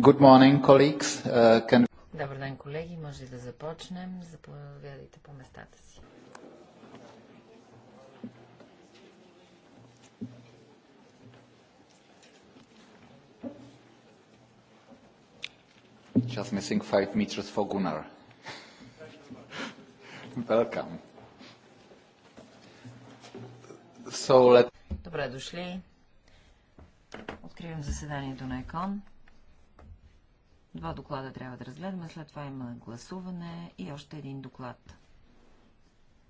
Good morning, colleagues. Uh, can... Добър ден, колеги. Може да започнем? Заповядайте по местата си. Just missing five meters for Gunnar. Welcome. So let... Добре дошли. Откривам заседанието на ЕКОН. Два доклада трябва да разгледаме, след това има гласуване и още един доклад.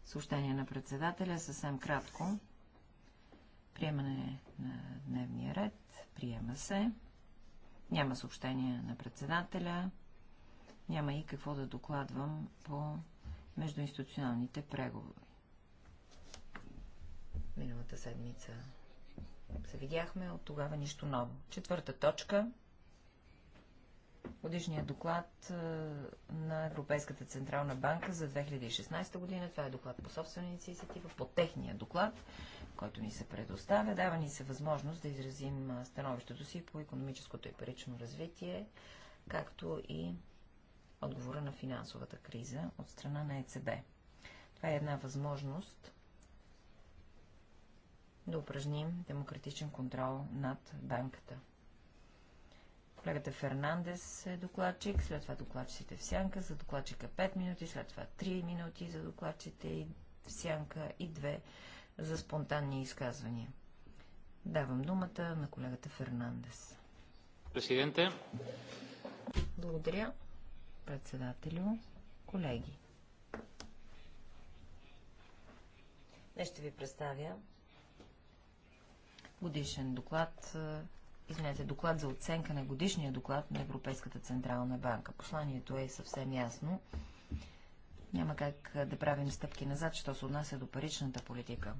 Съобщение на председателя съвсем кратко. Приемане на дневния ред. Приема се. Няма съобщение на председателя. Няма и какво да докладвам по междуинституционалните преговори. Миналата седмица се видяхме, от тогава нищо ново. Четвърта точка. Годишният доклад е, на Европейската Централна банка за 2016 година. Това е доклад по собствена инициатива, по техния доклад, който ни се предоставя. Дава ни се възможност да изразим е, становището си по економическото и парично развитие, както и отговора на финансовата криза от страна на ЕЦБ. Това е една възможност да упражним демократичен контрол над банката. Колегата Фернандес е докладчик, след това докладчиците в сянка, за докладчика 5 минути, след това 3 минути за докладчите в сянка и 2 за спонтанни изказвания. Давам думата на колегата Фернандес. Президенте. Благодаря, председателю, колеги. Днес ще ви представя годишен доклад, извинете, доклад за оценка на годишния доклад на Европейската Централна банка. Посланието е съвсем ясно. Няма как да правим стъпки назад, що се отнася до паричната политика.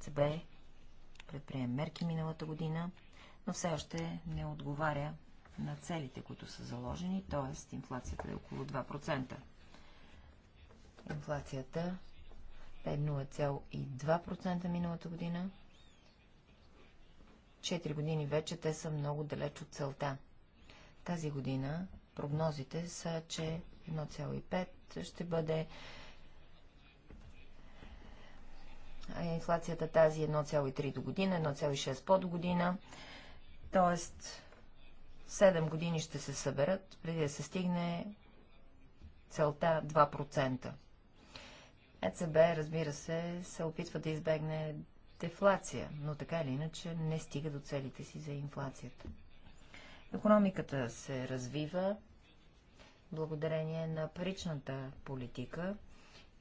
ЦБ предприем мерки миналата година, но все още не отговаря на целите, които са заложени, т.е. инфлацията е около 2%. Инфлацията е 0,2% миналата година, 4 години вече те са много далеч от целта. Тази година прогнозите са, че 1,5 ще бъде а инфлацията тази 1,3 до година, 1,6 по до година. Тоест, 7 години ще се съберат, преди да се стигне целта 2%. ЕЦБ, разбира се, се опитва да избегне дефлация, но така или иначе не стига до целите си за инфлацията. Економиката се развива благодарение на паричната политика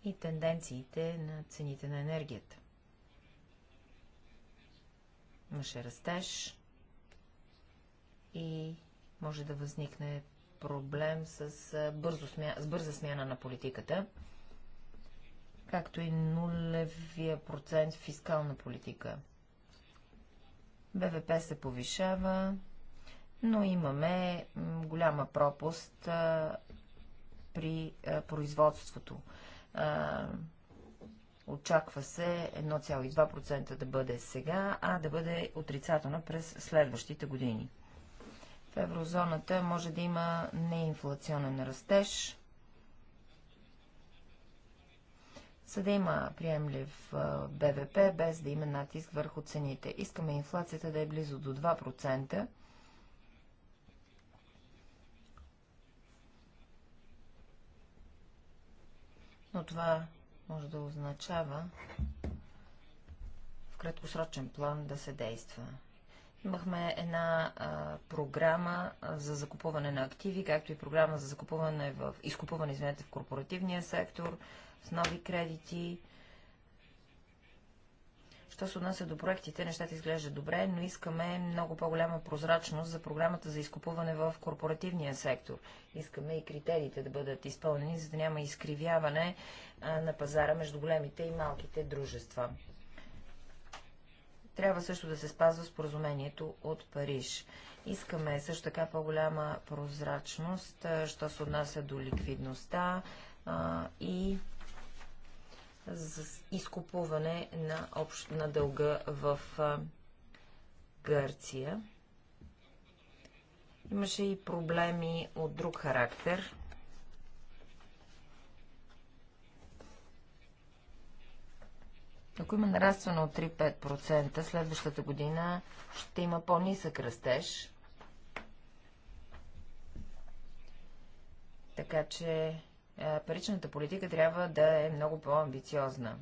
и тенденциите на цените на енергията. Имаше растеж и може да възникне проблем с, бързо смя... с бърза смяна на политиката както и нулевия процент фискална политика. БВП се повишава, но имаме голяма пропуст при производството. очаква се 1,2% да бъде сега, а да бъде отрицателна през следващите години. В еврозоната може да има неинфлационен растеж, за да има приемлив БВП, без да има натиск върху цените. Искаме инфлацията да е близо до 2%. Но това може да означава в краткосрочен план да се действа. Имахме една а, програма за закупуване на активи, както и програма за закупуване в, изкупуване извинете, в корпоративния сектор, с нови кредити. Що се отнася до проектите, нещата изглеждат добре, но искаме много по-голяма прозрачност за програмата за изкупуване в корпоративния сектор. Искаме и критериите да бъдат изпълнени, за да няма изкривяване на пазара между големите и малките дружества. Трябва също да се спазва споразумението от Париж. Искаме също така по-голяма прозрачност, що се отнася до ликвидността а, и за изкупуване на, общ, на дълга в Гърция. Имаше и проблеми от друг характер. Ако има нарастване от 3-5%, следващата година ще има по-нисък растеж. Така че е, паричната политика трябва да е много по-амбициозна.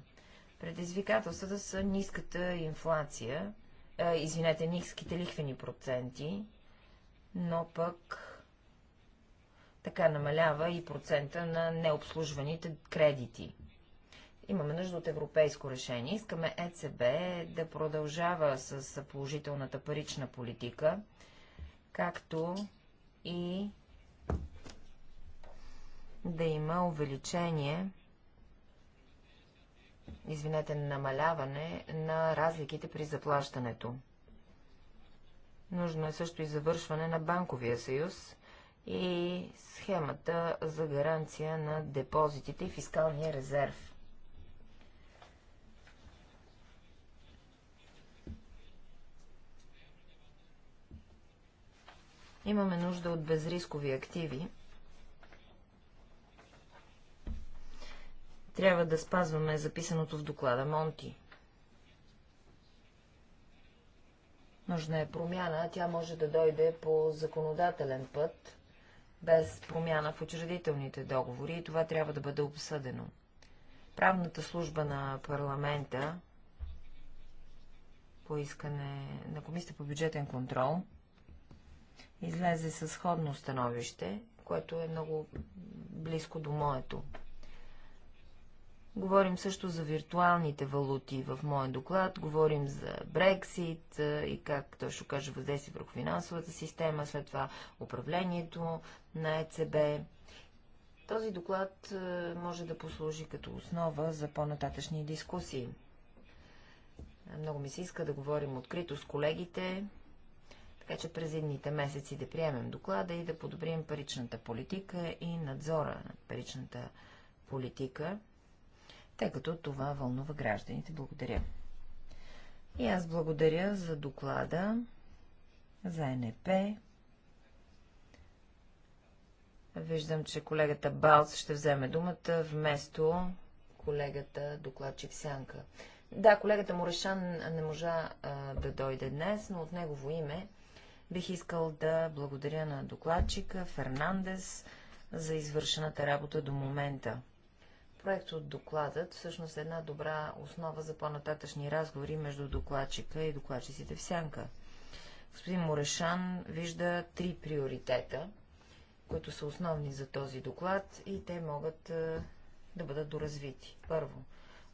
Предизвикателствата са ниската инфлация, а, е, извинете, ниските лихвени проценти, но пък така намалява и процента на необслужваните кредити. Имаме нужда от европейско решение. Искаме ЕЦБ да продължава с положителната парична политика, както и да има увеличение, извинете, намаляване на разликите при заплащането. Нужно е също и завършване на банковия съюз и схемата за гаранция на депозитите и фискалния резерв. Имаме нужда от безрискови активи, трябва да спазваме записаното в доклада Монти. Нужна е промяна, тя може да дойде по законодателен път, без промяна в учредителните договори и това трябва да бъде обсъдено. Правната служба на парламента по искане на Комисията по бюджетен контрол излезе със сходно становище, което е много близко до моето. Говорим също за виртуалните валути в моя доклад, говорим за Брексит и как той ще окаже въздействие върху финансовата система, след това управлението на ЕЦБ. Този доклад може да послужи като основа за по-нататъчни дискусии. Много ми се иска да говорим открито с колегите, така че през едните месеци да приемем доклада и да подобрим паричната политика и надзора на паричната политика тъй като това вълнува гражданите. Благодаря. И аз благодаря за доклада за НП. Виждам, че колегата Балц ще вземе думата вместо колегата докладчик Сянка. Да, колегата Морешан не можа а, да дойде днес, но от негово име бих искал да благодаря на докладчика Фернандес за извършената работа до момента. Проект от докладът всъщност е една добра основа за по-нататъчни разговори между докладчика и докладчиците в сянка. Господин Морешан вижда три приоритета, които са основни за този доклад и те могат да бъдат доразвити. Първо,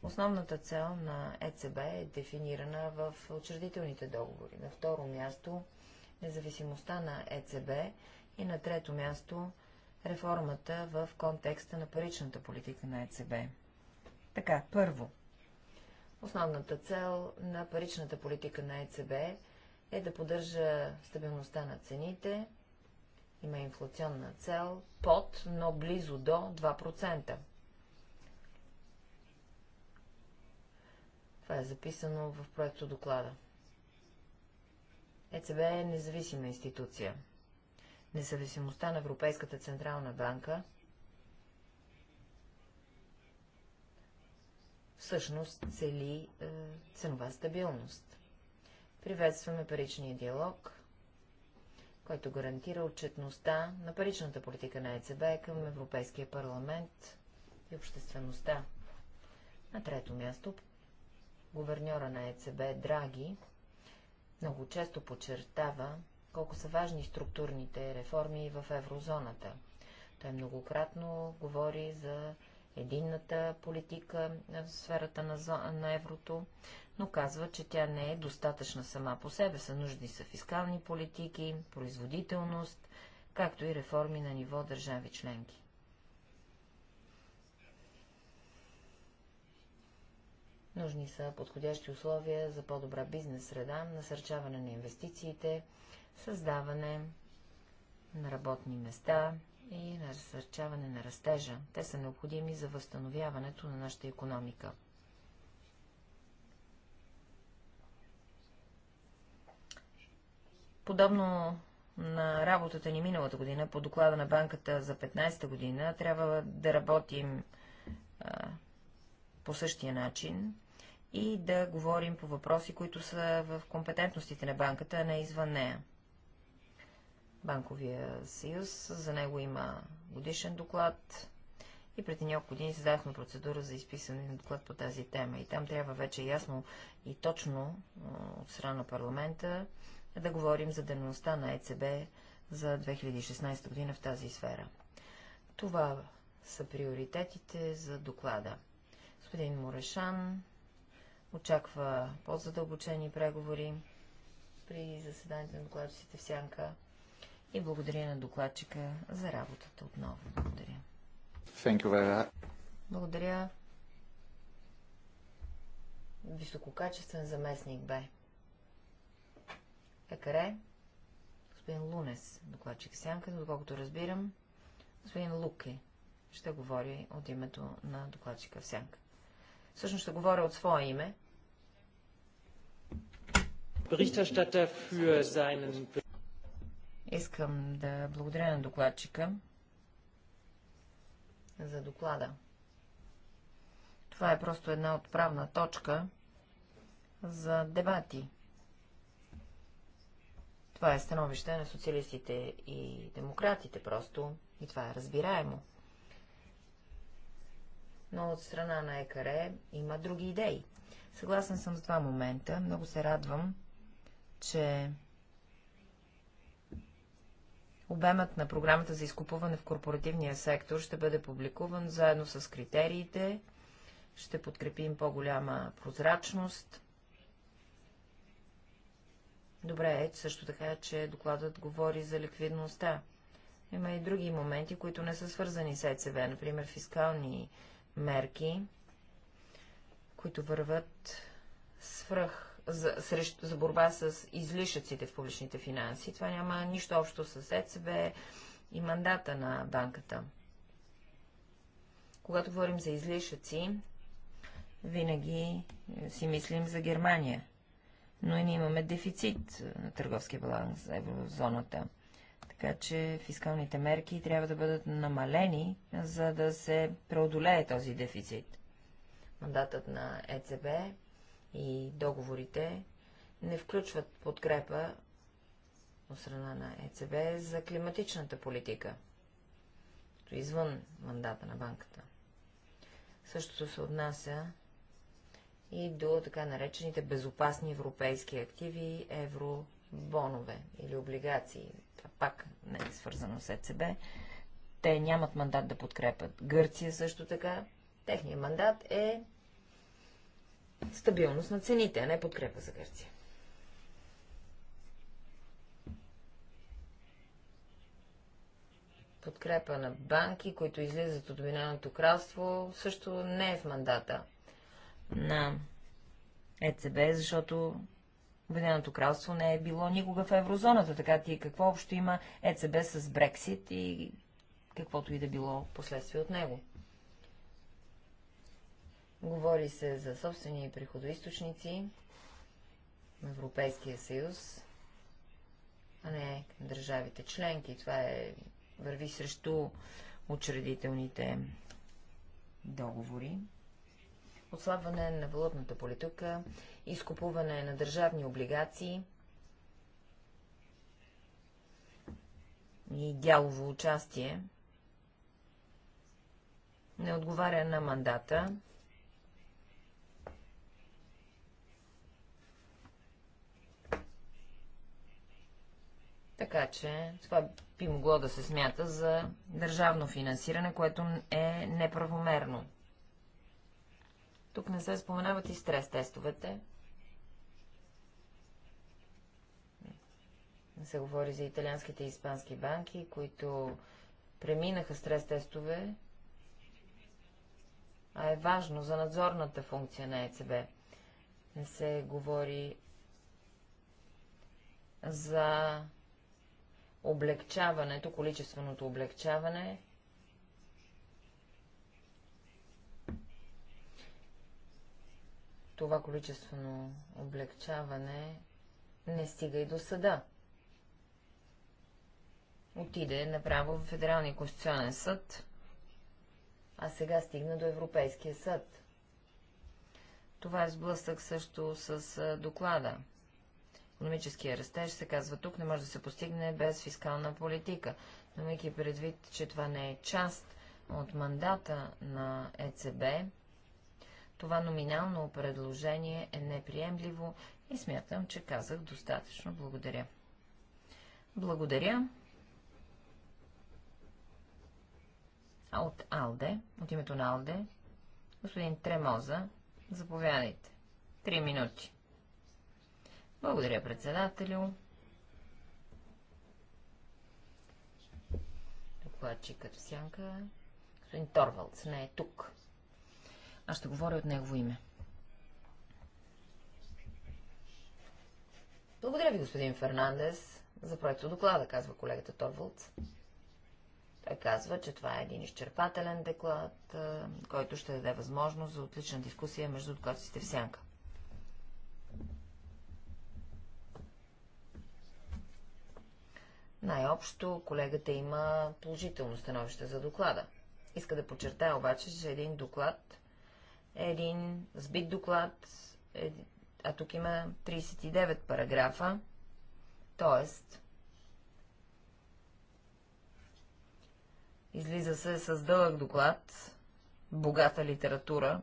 основната цел на ЕЦБ е дефинирана в учредителните договори. На второ място, независимостта на ЕЦБ и на трето място реформата в контекста на паричната политика на ЕЦБ. Така, първо, основната цел на паричната политика на ЕЦБ е да поддържа стабилността на цените, има инфлационна цел под, но близо до 2%. Това е записано в проекто доклада. ЕЦБ е независима институция независимостта на Европейската Централна банка, всъщност цели е, ценова стабилност. Приветстваме паричния диалог, който гарантира отчетността на паричната политика на ЕЦБ към Европейския парламент и обществеността. На трето място, гуверньора на ЕЦБ Драги много често подчертава, колко са важни структурните реформи в еврозоната. Той многократно говори за единната политика в сферата на, на еврото, но казва, че тя не е достатъчна сама по себе. Са нужни са фискални политики, производителност, както и реформи на ниво държави членки. Нужни са подходящи условия за по-добра бизнес среда, насърчаване на инвестициите, създаване на работни места и на разсърчаване на растежа. Те са необходими за възстановяването на нашата економика. Подобно на работата ни миналата година, по доклада на банката за 15-та година, трябва да работим а, по същия начин и да говорим по въпроси, които са в компетентностите на банката, а не извън нея банковия съюз. За него има годишен доклад и преди няколко години създадохме процедура за изписане на доклад по тази тема. И там трябва вече ясно и точно от страна на парламента да говорим за дейността на ЕЦБ за 2016 година в тази сфера. Това са приоритетите за доклада. Господин Морешан очаква по-задълбочени преговори при заседанието на докладчиците в Сянка и благодаря на докладчика за работата отново. Благодаря. Thank you very much. Благодаря. Висококачествен заместник бе. Екаре, господин Лунес, докладчик Сянка, доколкото разбирам, господин Луке ще говори от името на докладчика в Сянка. Всъщност ще говоря от свое име. Berichterstatter für seinen Искам да благодаря на докладчика за доклада. Това е просто една отправна точка за дебати. Това е становище на социалистите и демократите просто, и това е разбираемо. Но от страна на ЕКАРЕ има други идеи. Съгласен съм с два момента. Много се радвам, че Обемът на програмата за изкупуване в корпоративния сектор ще бъде публикуван заедно с критериите. Ще подкрепим по-голяма прозрачност. Добре е също така, че докладът говори за ликвидността. Има и други моменти, които не са свързани с ЕЦВ, например фискални мерки, които върват свръх за, срещу, за борба с излишъците в публичните финанси. Това няма нищо общо с ЕЦБ и мандата на банката. Когато говорим за излишъци, винаги си мислим за Германия. Но и ние имаме дефицит на търговския баланс за еврозоната. Така че фискалните мерки трябва да бъдат намалени, за да се преодолее този дефицит. Мандатът на ЕЦБ и договорите не включват подкрепа от страна на ЕЦБ за климатичната политика, извън мандата на банката. Същото се отнася и до така наречените безопасни европейски активи, евробонове или облигации. Това пак не е свързано с ЕЦБ. Те нямат мандат да подкрепят Гърция също така. Техният мандат е стабилност на цените, а не подкрепа за Гърция. Подкрепа на банки, които излизат от Обединеното кралство, също не е в мандата на ЕЦБ, защото Обединеното кралство не е било никога в еврозоната, така ти какво общо има ЕЦБ с Брексит и каквото и да било последствие от него. Говори се за собствени приходоисточници на Европейския съюз, а не държавите членки. Това е върви срещу учредителните договори. Ослабване на валутната политика, изкупуване на държавни облигации и дялово участие не отговаря на мандата Така че това би могло да се смята за държавно финансиране, което е неправомерно. Тук не се споменават и стрес-тестовете. Не се говори за италианските и испански банки, които преминаха стрес-тестове, а е важно за надзорната функция на ЕЦБ. Не се говори за облегчаването, количественото облегчаване това количествено облегчаване не стига и до съда. Отиде направо в Федералния конституционен съд, а сега стигна до Европейския съд. Това е сблъсък също с доклада. Економическия растеж, се казва тук, не може да се постигне без фискална политика. Но имайки предвид, че това не е част от мандата на ЕЦБ, това номинално предложение е неприемливо и смятам, че казах достатъчно. Благодаря. Благодаря. А от Алде, от името на Алде, господин Тремоза, заповядайте. Три минути. Благодаря, председателю. Докладчикът като сянка. Господин Торвалдс не е тук. Аз ще говоря от негово име. Благодаря ви, господин Фернандес, за проекто доклада, казва колегата Торвалдс. Той казва, че това е един изчерпателен деклад, който ще даде възможност за отлична дискусия между докладците в сянка. Най-общо колегата има положително становище за доклада. Иска да подчертая обаче, че един доклад е един сбит доклад, е... а тук има 39 параграфа, т.е. излиза се с дълъг доклад, богата литература.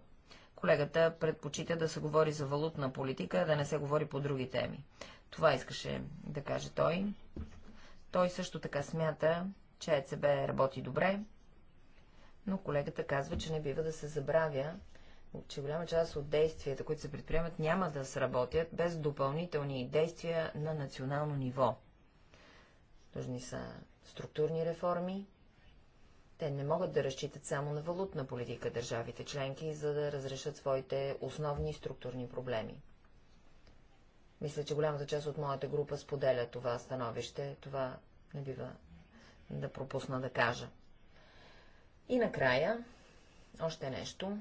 Колегата предпочита да се говори за валутна политика, да не се говори по други теми. Това искаше да каже той. Той също така смята, че ЕЦБ работи добре, но колегата казва, че не бива да се забравя, че голяма част от действията, които се предприемат, няма да сработят без допълнителни действия на национално ниво. Нужни са структурни реформи. Те не могат да разчитат само на валутна политика държавите членки, за да разрешат своите основни структурни проблеми. Мисля, че голямата част от моята група споделя това становище. Това не бива да пропусна да кажа. И накрая, още нещо.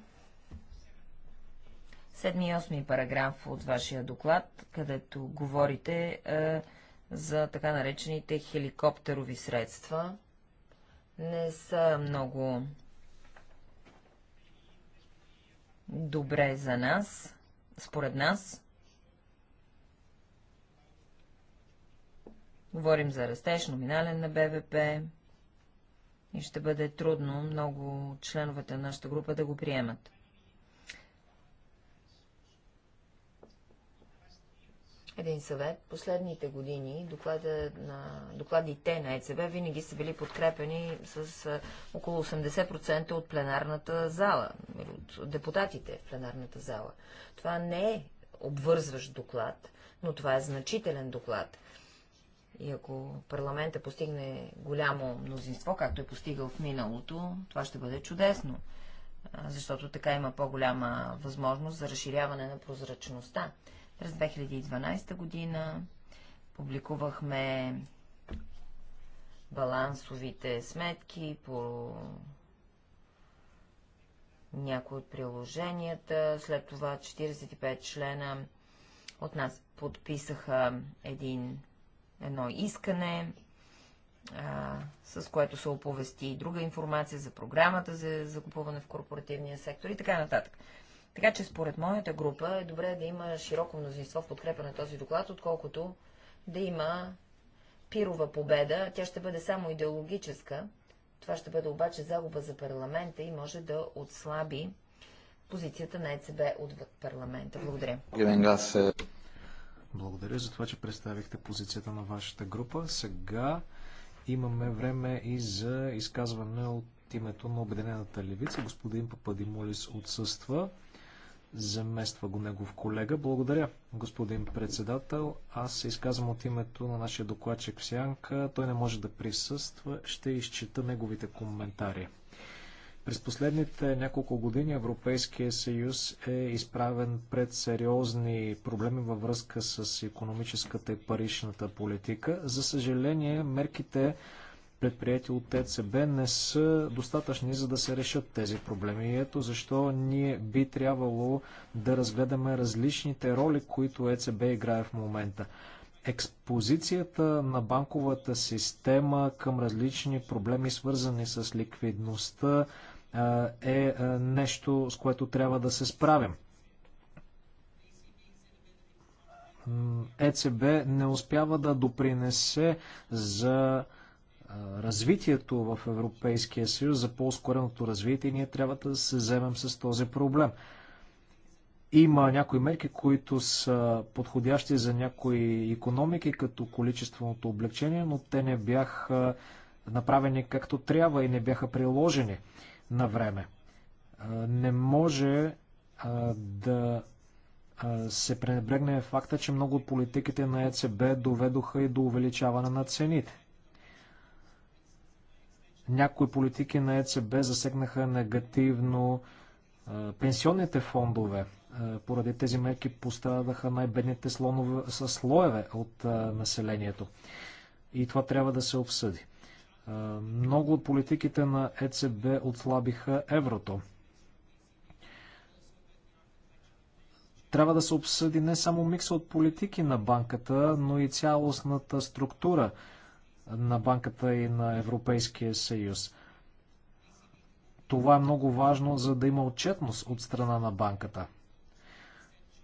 Седми и осми параграф от вашия доклад, където говорите е, за така наречените хеликоптерови средства. Не са много добре за нас, според нас, Говорим за растеж, номинален на БВП и ще бъде трудно много членовете на нашата група да го приемат. Един съвет. Последните години доклада на, докладите на ЕЦБ винаги са били подкрепени с около 80% от пленарната зала, от депутатите в пленарната зала. Това не е обвързващ доклад, но това е значителен доклад. И ако парламента постигне голямо мнозинство, както е постигал в миналото, това ще бъде чудесно, защото така има по-голяма възможност за разширяване на прозрачността. През 2012 година публикувахме балансовите сметки по някои от приложенията. След това 45 члена от нас подписаха един едно искане, а, с което се оповести и друга информация за програмата за закупуване в корпоративния сектор и така нататък. Така че според моята група е добре да има широко мнозинство в подкрепа на този доклад, отколкото да има пирова победа. Тя ще бъде само идеологическа. Това ще бъде обаче загуба за парламента и може да отслаби позицията на ЕЦБ от парламента. Благодаря. Благодаря за това, че представихте позицията на вашата група. Сега имаме време и за изказване от името на Обединената левица. Господин Пападимолис отсъства. Замества го негов колега. Благодаря, господин председател. Аз се изказвам от името на нашия докладчик в Сянка. Той не може да присъства. Ще изчита неговите коментари. През последните няколко години Европейския съюз е изправен пред сериозни проблеми във връзка с економическата и паричната политика. За съжаление, мерките предприяти от ЕЦБ не са достатъчни за да се решат тези проблеми. И ето защо ние би трябвало да разгледаме различните роли, които ЕЦБ играе в момента. Експозицията на банковата система към различни проблеми, свързани с ликвидността, е нещо, с което трябва да се справим. ЕЦБ не успява да допринесе за развитието в Европейския съюз, за по-ускореното развитие, ние трябва да се вземем с този проблем. Има някои мерки, които са подходящи за някои економики, като количественото облегчение, но те не бяха направени както трябва и не бяха приложени на време. Не може да се пренебрегне факта, че много от политиките на ЕЦБ доведоха и до увеличаване на цените. Някои политики на ЕЦБ засегнаха негативно пенсионните фондове. Поради тези мерки пострадаха най-бедните слонове, слоеве от населението. И това трябва да се обсъди. Много от политиките на ЕЦБ отслабиха еврото. Трябва да се обсъди не само микса от политики на банката, но и цялостната структура на банката и на Европейския съюз. Това е много важно, за да има отчетност от страна на банката.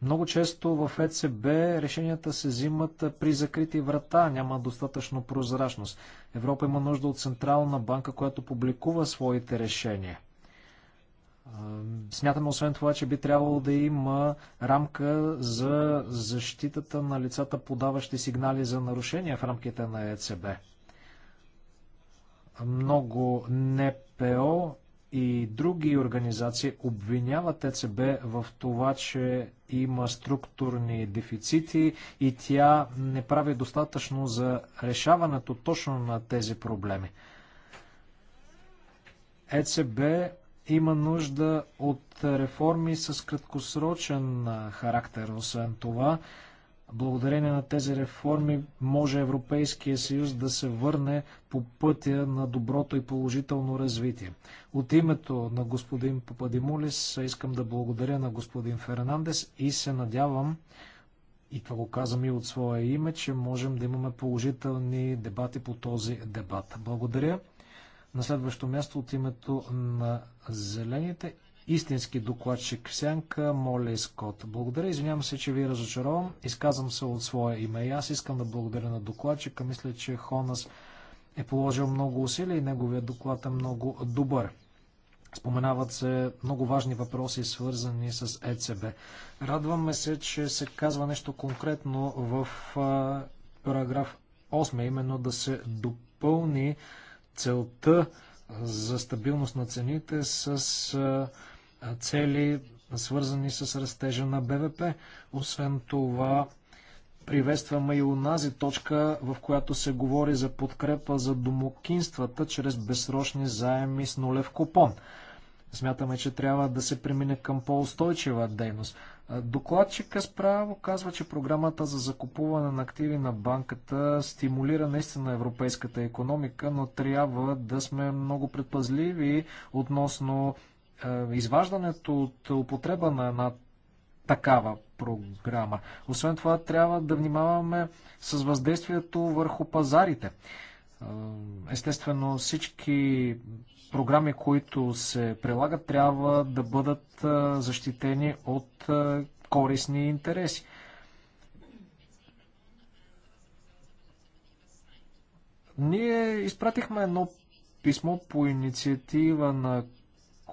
Много често в ЕЦБ решенията се взимат при закрити врата, няма достатъчно прозрачност. Европа има нужда от Централна банка, която публикува своите решения. Смятаме освен това, че би трябвало да има рамка за защитата на лицата, подаващи сигнали за нарушения в рамките на ЕЦБ. Много НПО и други организации обвиняват ЕЦБ в това, че има структурни дефицити и тя не прави достатъчно за решаването точно на тези проблеми. ЕЦБ има нужда от реформи с краткосрочен характер. Освен това, Благодарение на тези реформи може Европейския съюз да се върне по пътя на доброто и положително развитие. От името на господин Пападимулис искам да благодаря на господин Фернандес и се надявам, и това го казвам и от своя име, че можем да имаме положителни дебати по този дебат. Благодаря. На следващо място от името на Зелените истински докладчик Сянка Моли Скот. Благодаря, извинявам се, че ви разочаровам. Изказвам се от своя име и аз искам да благодаря на докладчика. Мисля, че Хонас е положил много усилия и неговия доклад е много добър. Споменават се много важни въпроси, свързани с ЕЦБ. Радваме се, че се казва нещо конкретно в параграф 8, именно да се допълни целта за стабилност на цените с а, цели, свързани с растежа на БВП. Освен това, приветстваме и унази точка, в която се говори за подкрепа за домокинствата чрез безсрочни заеми с нулев купон. Смятаме, че трябва да се премине към по-устойчива дейност. Докладчика справо казва, че програмата за закупуване на активи на банката стимулира наистина европейската економика, но трябва да сме много предпазливи относно е, изваждането от употреба на една такава програма. Освен това, трябва да внимаваме с въздействието върху пазарите. Е, естествено, всички програми, които се прилагат, трябва да бъдат е, защитени от корисни интереси. Ние изпратихме едно писмо по инициатива на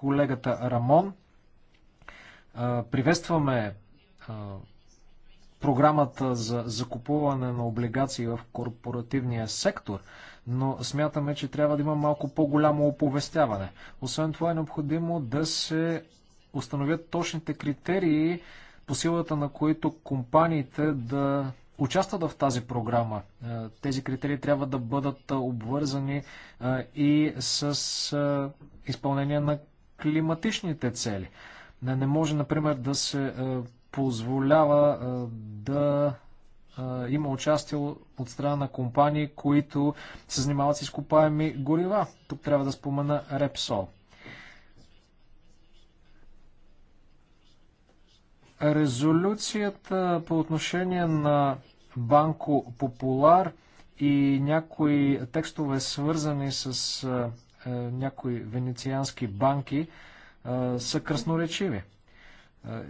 колегата Рамон. Приветстваме програмата за закупуване на облигации в корпоративния сектор, но смятаме, че трябва да има малко по-голямо оповестяване. Освен това е необходимо да се установят точните критерии, по силата на които компаниите да участват в тази програма. Тези критерии трябва да бъдат обвързани и с изпълнение на климатичните цели. Не, не може, например, да се е, позволява е, да е, има участие от страна на компании, които се занимават с изкопаеми горива. Тук трябва да спомена Репсол. Резолюцията по отношение на Банко Популар и някои текстове свързани с е, е, някои венециански банки е, са красноречиви. Е,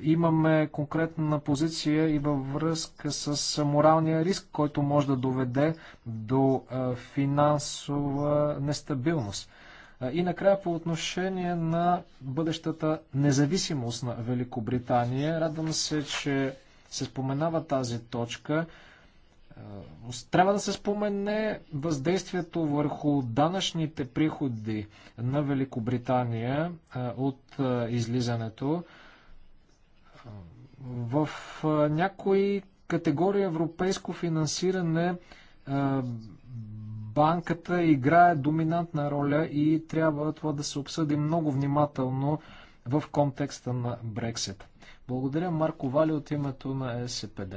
имаме конкретна позиция и във връзка с моралния риск, който може да доведе до финансова нестабилност. И накрая по отношение на бъдещата независимост на Великобритания. Радвам се, че се споменава тази точка. Е, трябва да се спомене въздействието върху данъчните приходи на Великобритания е, от е, излизането. В някои категории европейско финансиране банката играе доминантна роля и трябва това да се обсъди много внимателно в контекста на Брексит. Благодаря Марко Вали от името на СПД.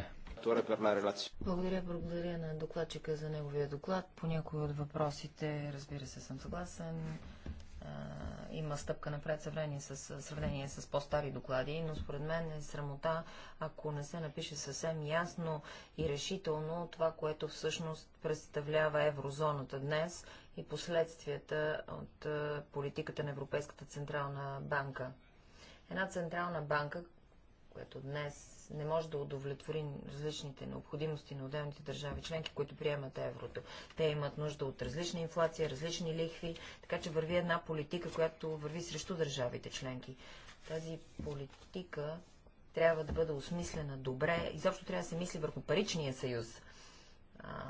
Благодаря, благодаря на докладчика за неговия доклад. По някои от въпросите, разбира се, съм съгласен. има стъпка напред сравнение с, сравнение с по-стари доклади, но според мен е срамота, ако не се напише съвсем ясно и решително това, което всъщност представлява еврозоната днес и последствията от политиката на Европейската централна банка. Една централна банка, което днес не може да удовлетвори различните необходимости на отделните държави членки, които приемат еврото. Те имат нужда от различна инфлация, различни лихви, така че върви една политика, която върви срещу държавите членки. Тази политика трябва да бъде осмислена добре. Изобщо трябва да се мисли върху паричния съюз. А,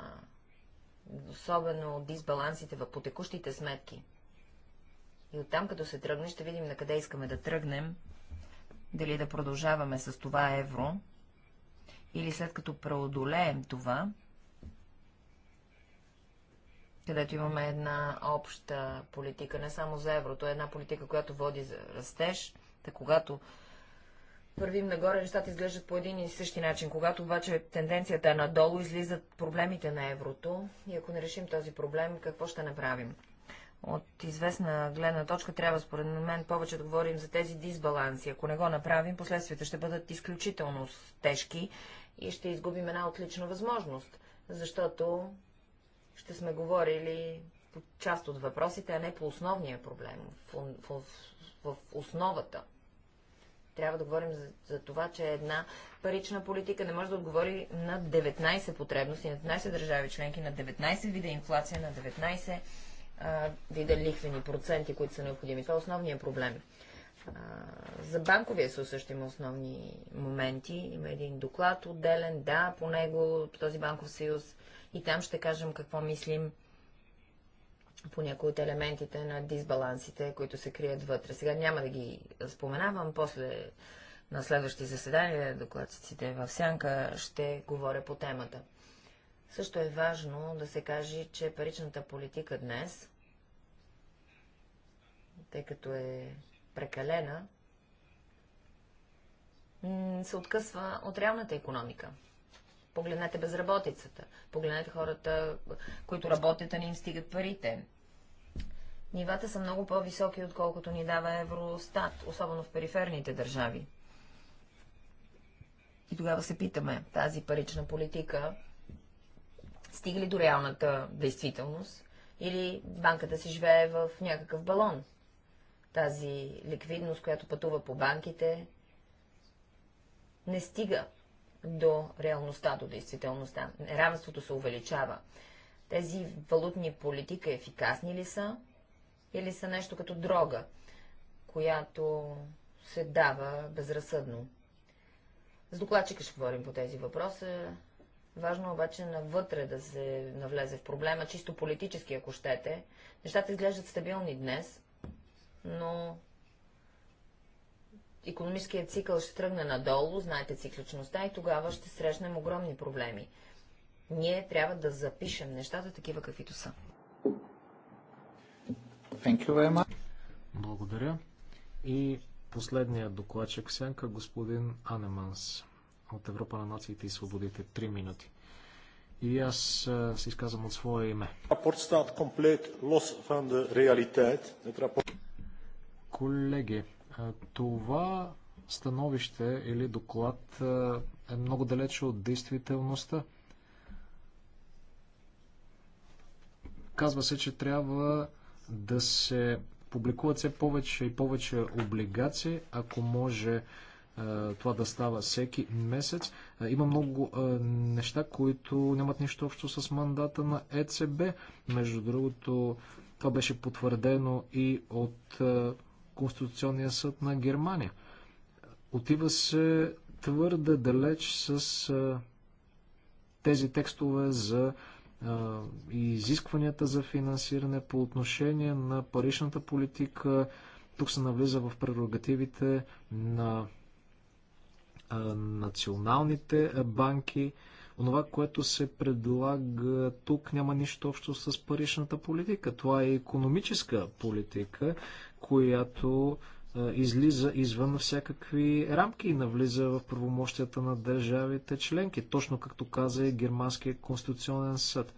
особено дисбалансите по текущите сметки. И оттам, като се тръгне, ще видим на къде искаме да тръгнем дали да продължаваме с това евро или след като преодолеем това, където имаме една обща политика, не само за еврото, една политика, която води за растеж, да когато вървим нагоре, нещата изглеждат по един и същи начин. Когато обаче тенденцията е надолу, излизат проблемите на еврото и ако не решим този проблем, какво ще направим? От известна гледна точка трябва, според мен, повече да говорим за тези дисбаланси. Ако не го направим, последствията ще бъдат изключително тежки и ще изгубим една отлична възможност, защото ще сме говорили по част от въпросите, а не по основния проблем, в, в, в основата. Трябва да говорим за, за това, че една парична политика не може да отговори на 19 потребности, на 19 държави членки, на 19 вида инфлация, на 19 вида лихвени проценти, които са необходими. Това е основният проблем. За банковия съюз също има основни моменти. Има един доклад отделен, да, по него, по този банков съюз. И там ще кажем какво мислим по някои от елементите на дисбалансите, които се крият вътре. Сега няма да ги споменавам, после на следващите заседания докладците в Сянка ще говоря по темата. Също е важно да се каже, че паричната политика днес, тъй като е прекалена, се откъсва от реалната економика. Погледнете безработицата, погледнете хората, които работят, а не им стигат парите. Нивата са много по-високи, отколкото ни дава Евростат, особено в периферните държави. И тогава се питаме, тази парична политика стига ли до реалната действителност или банката си живее в някакъв балон. Тази ликвидност, която пътува по банките, не стига до реалността, до действителността. Равенството се увеличава. Тези валутни политика ефикасни ли са или са нещо като дрога, която се дава безразсъдно? С докладчика ще говорим по тези въпроса. Важно е обаче навътре да се навлезе в проблема, чисто политически, ако щете. Нещата изглеждат стабилни днес, но економическият цикъл ще тръгне надолу, знаете цикличността, и тогава ще срещнем огромни проблеми. Ние трябва да запишем нещата такива, каквито са. Thank you very much. Благодаря. И последният докладчик сянка, господин Анеманс от Европа на нациите и свободите. Три минути. И аз се изказвам от своя име. Колеги, това становище или доклад е много далече от действителността. Казва се, че трябва да се публикуват все повече и повече облигации, ако може това да става всеки месец. Има много неща, които нямат нищо общо с мандата на ЕЦБ. Между другото, това беше потвърдено и от Конституционния съд на Германия. Отива се твърде далеч с тези текстове за изискванията за финансиране по отношение на паричната политика. Тук се навлиза в прерогативите на националните банки. Онова, което се предлага тук, няма нищо общо с паричната политика. Това е економическа политика, която излиза извън всякакви рамки и навлиза в правомощията на държавите членки, точно както каза и Германския конституционен съд.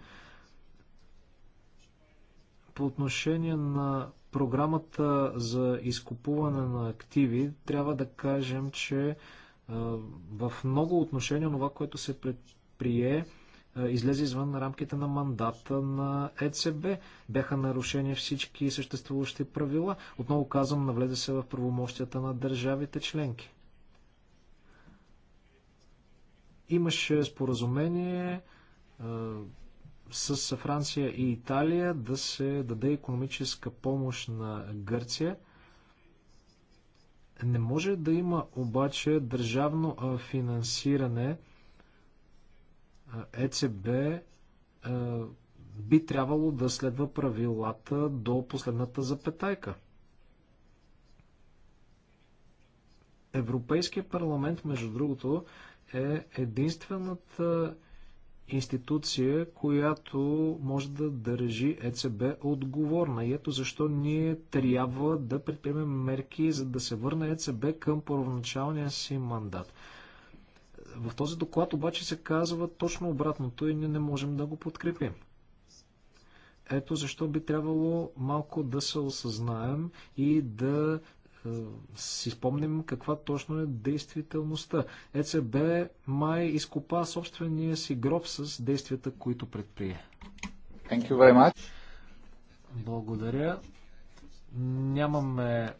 По отношение на програмата за изкупуване на активи, трябва да кажем, че в много отношения това, което се предприе, излезе извън рамките на мандата на ЕЦБ. Бяха нарушени всички съществуващи правила. Отново казвам, навлезе се в правомощията на държавите членки. Имаше споразумение с Франция и Италия да се даде економическа помощ на Гърция – не може да има обаче държавно финансиране. ЕЦБ би трябвало да следва правилата до последната запетайка. Европейския парламент, между другото, е единствената институция, която може да държи ЕЦБ отговорна. И ето защо ние трябва да предприемем мерки, за да се върне ЕЦБ към първоначалния си мандат. В този доклад обаче се казва точно обратното и ние не можем да го подкрепим. Ето защо би трябвало малко да се осъзнаем и да е, си спомним каква точно е действителността. ЕЦБ май изкопа собствения си гроб с действията, които предприе. Thank you very much. Благодаря. Нямаме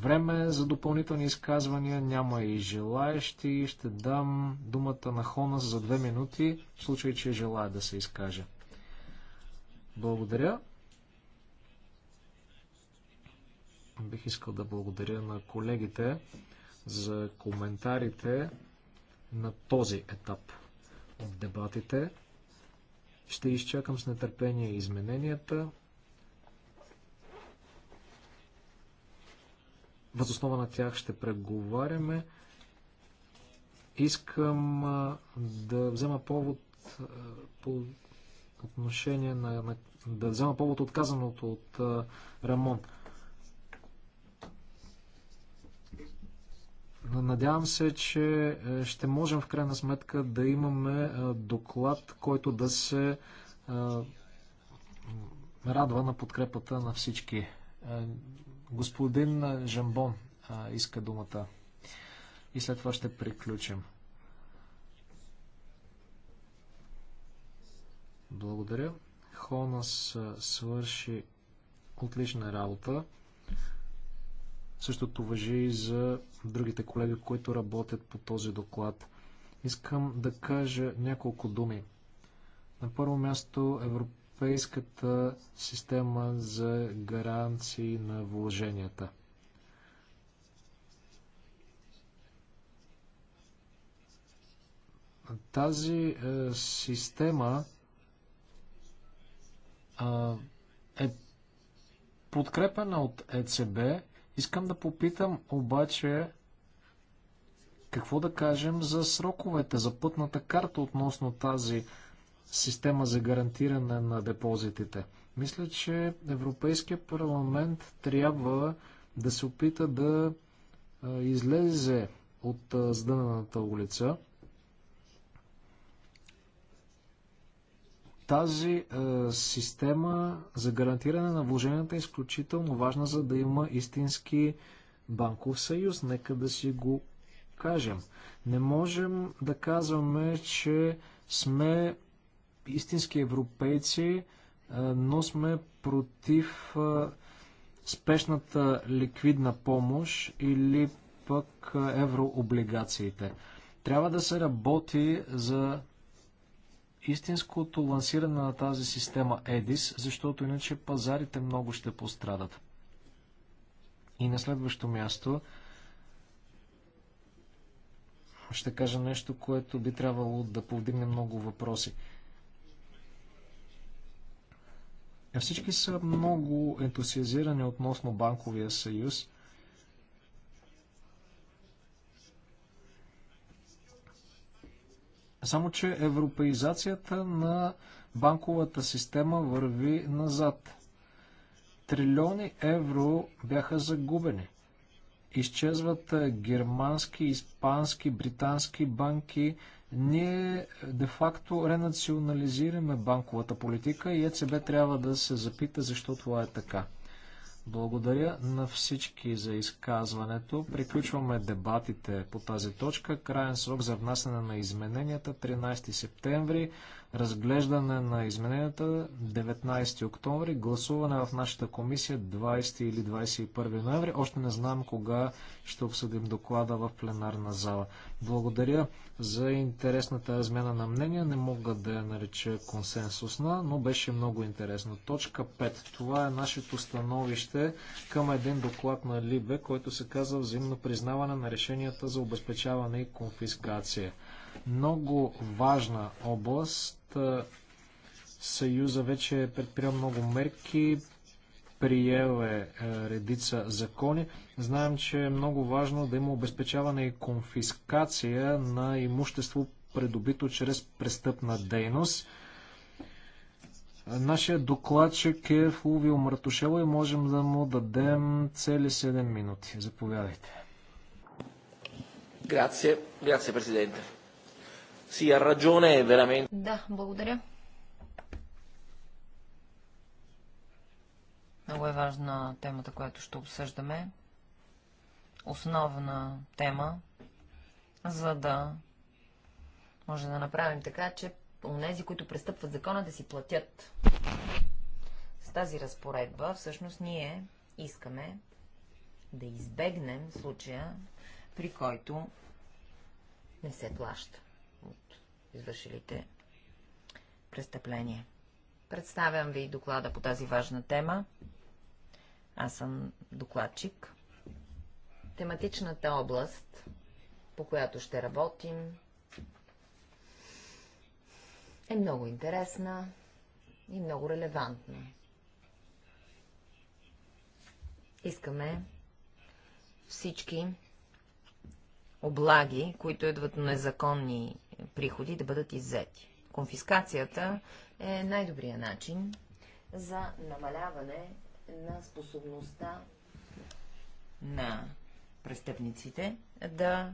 време за допълнителни изказвания, няма и желаящи. Ще дам думата на Хонас за две минути, в случай, че желая да се изкаже. Благодаря. Бих искал да благодаря на колегите за коментарите на този етап от дебатите. Ще изчакам с нетърпение измененията. Възоснова на тях ще преговаряме. Искам да взема повод по отношение на, на да взема повод отказаното от Рамон. Надявам се, че е, ще можем в крайна сметка да имаме е, доклад, който да се е, радва на подкрепата на всички. Господин Жамбон иска думата. И след това ще приключим. Благодаря. Хонас свърши отлична работа. Същото въжи и за другите колеги, които работят по този доклад. Искам да кажа няколко думи. На първо място Европейската система за гаранции на вложенията. Тази е, система е, е подкрепена от ЕЦБ Искам да попитам обаче какво да кажем за сроковете, за пътната карта относно тази система за гарантиране на депозитите. Мисля, че Европейския парламент трябва да се опита да излезе от здънената улица. Тази е, система за гарантиране на вложенията е изключително важна, за да има истински банков съюз. Нека да си го кажем. Не можем да казваме, че сме истински европейци, е, но сме против е, спешната ликвидна помощ или пък е, еврооблигациите. Трябва да се работи за истинското лансиране на тази система ЕДИС, защото иначе пазарите много ще пострадат. И на следващо място ще кажа нещо, което би трябвало да повдигне много въпроси. Е, всички са много ентусиазирани относно банковия съюз. Само, че европеизацията на банковата система върви назад. Трилиони евро бяха загубени. Изчезват германски, испански, британски банки. Ние де-факто ренационализираме банковата политика и ЕЦБ трябва да се запита защо това е така. Благодаря на всички за изказването. Приключваме дебатите по тази точка. Крайен срок за внасяне на измененията 13 септември. Разглеждане на измененията 19 октомври, гласуване в нашата комисия 20 или 21 ноември. Още не знам кога ще обсъдим доклада в пленарна зала. Благодаря за интересната размяна на мнения. Не мога да я нареча консенсусна, но беше много интересно. Точка 5. Това е нашето становище към един доклад на Либе, който се казва взаимно признаване на решенията за обезпечаване и конфискация много важна област. Е, Съюза вече е предприел много мерки, приел е, е редица закони. Знаем, че е много важно да има обезпечаване и конфискация на имущество, придобито чрез престъпна дейност. Нашия докладчик е в Лувио Мартушело и можем да му дадем цели 7 минути. Заповядайте. Grazie, grazie Presidente. Sì, ha ragione, veramente. Да, благодаря. Много е важна темата, която ще обсъждаме. Основна тема, за да може да направим така, че онези, които престъпват закона, да си платят. С тази разпоредба всъщност ние искаме да избегнем случая, при който не се плаща извършилите престъпление. Представям ви доклада по тази важна тема. Аз съм докладчик. Тематичната област, по която ще работим, е много интересна и много релевантна. Искаме всички облаги, които идват незаконни приходи да бъдат иззети. Конфискацията е най-добрият начин за намаляване на способността на престъпниците да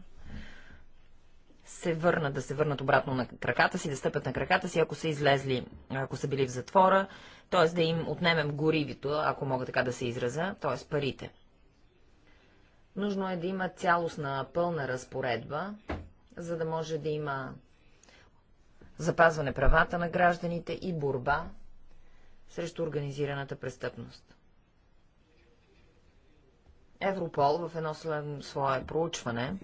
се върнат, да се върнат обратно на краката си, да стъпят на краката си, ако са излезли, ако са били в затвора, т.е. да им отнемем горивито, ако мога така да се израза, т.е. парите. Нужно е да има цялостна пълна разпоредба, за да може да има запазване правата на гражданите и борба срещу организираната престъпност. Европол в едно свое проучване,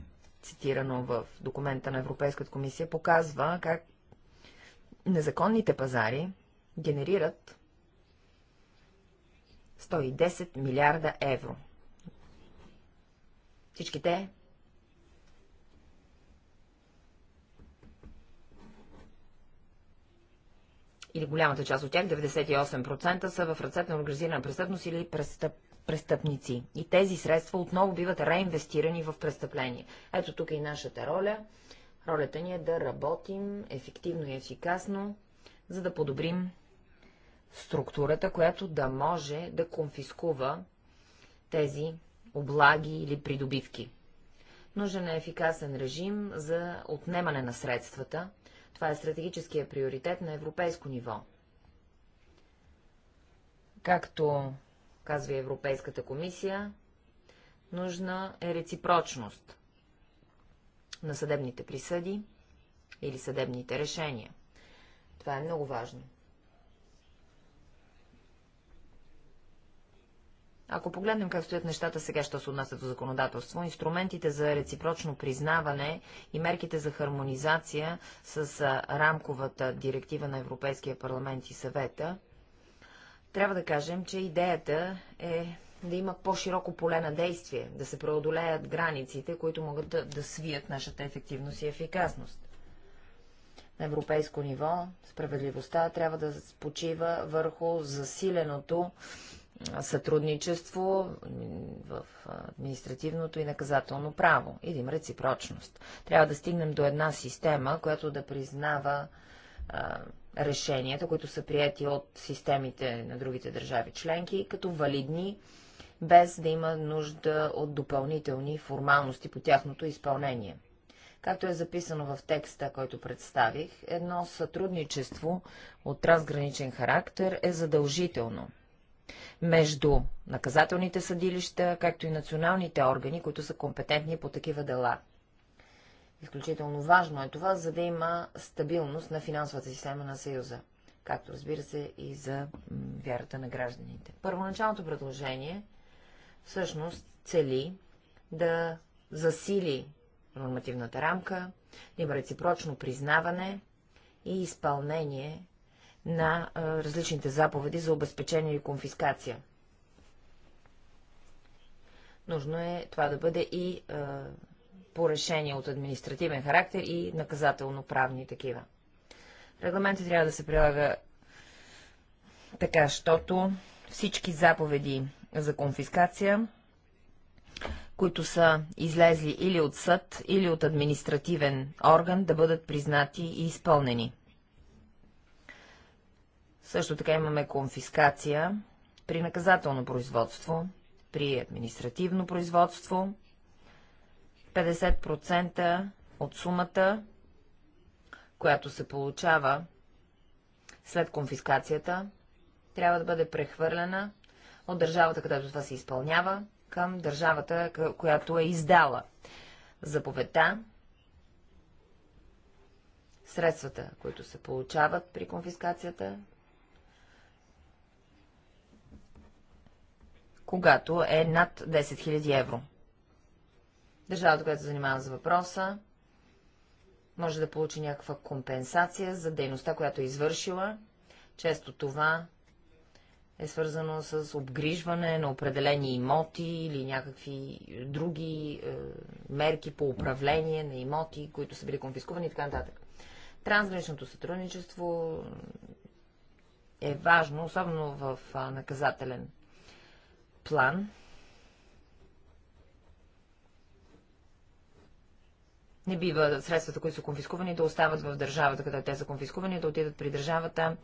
цитирано в документа на Европейската комисия, показва как незаконните пазари генерират 110 милиарда евро. Всички те или голямата част от тях, 98%, са в ръцете на организирана престъпност или престъп, престъпници. И тези средства отново биват реинвестирани в престъпление. Ето тук е и нашата роля. Ролята ни е да работим ефективно и ефикасно, за да подобрим структурата, която да може да конфискува тези облаги или придобивки. Нужен е ефикасен режим за отнемане на средствата, това е стратегическия приоритет на европейско ниво. Както казва Европейската комисия, нужна е реципрочност на съдебните присъди или съдебните решения. Това е много важно. Ако погледнем как стоят нещата сега, що се отнася до законодателство, инструментите за реципрочно признаване и мерките за хармонизация с рамковата директива на Европейския парламент и съвета, трябва да кажем, че идеята е да има по-широко поле на действие, да се преодолеят границите, които могат да, да свият нашата ефективност и ефикасност. На европейско ниво справедливостта трябва да почива върху засиленото сътрудничество в административното и наказателно право. Идим реципрочност. Трябва да стигнем до една система, която да признава решенията, които са прияти от системите на другите държави членки, като валидни, без да има нужда от допълнителни формалности по тяхното изпълнение. Както е записано в текста, който представих, едно сътрудничество от трансграничен характер е задължително между наказателните съдилища, както и националните органи, които са компетентни по такива дела. Изключително важно е това, за да има стабилност на финансовата система на Съюза, както разбира се и за вярата на гражданите. Първоначалното предложение всъщност цели да засили нормативната рамка, да има реципрочно признаване и изпълнение на различните заповеди за обезпечение и конфискация. Нужно е това да бъде и по решение от административен характер и наказателно-правни такива. Регламентът трябва да се прилага така, щото всички заповеди за конфискация, които са излезли или от съд, или от административен орган, да бъдат признати и изпълнени. Също така имаме конфискация при наказателно производство, при административно производство. 50% от сумата, която се получава след конфискацията, трябва да бъде прехвърлена от държавата, където това се изпълнява, към държавата, която е издала заповедта. Средствата, които се получават при конфискацията, когато е над 10 000 евро. Държавата, която се занимава с въпроса, може да получи някаква компенсация за дейността, която е извършила. Често това е свързано с обгрижване на определени имоти или някакви други е, мерки по управление на имоти, които са били конфискувани и така нататък. Трансграничното сътрудничество е важно, особено в наказателен план не бива средствата, които са конфискувани, да остават в държавата, където те са конфискувани, да отидат при държавата,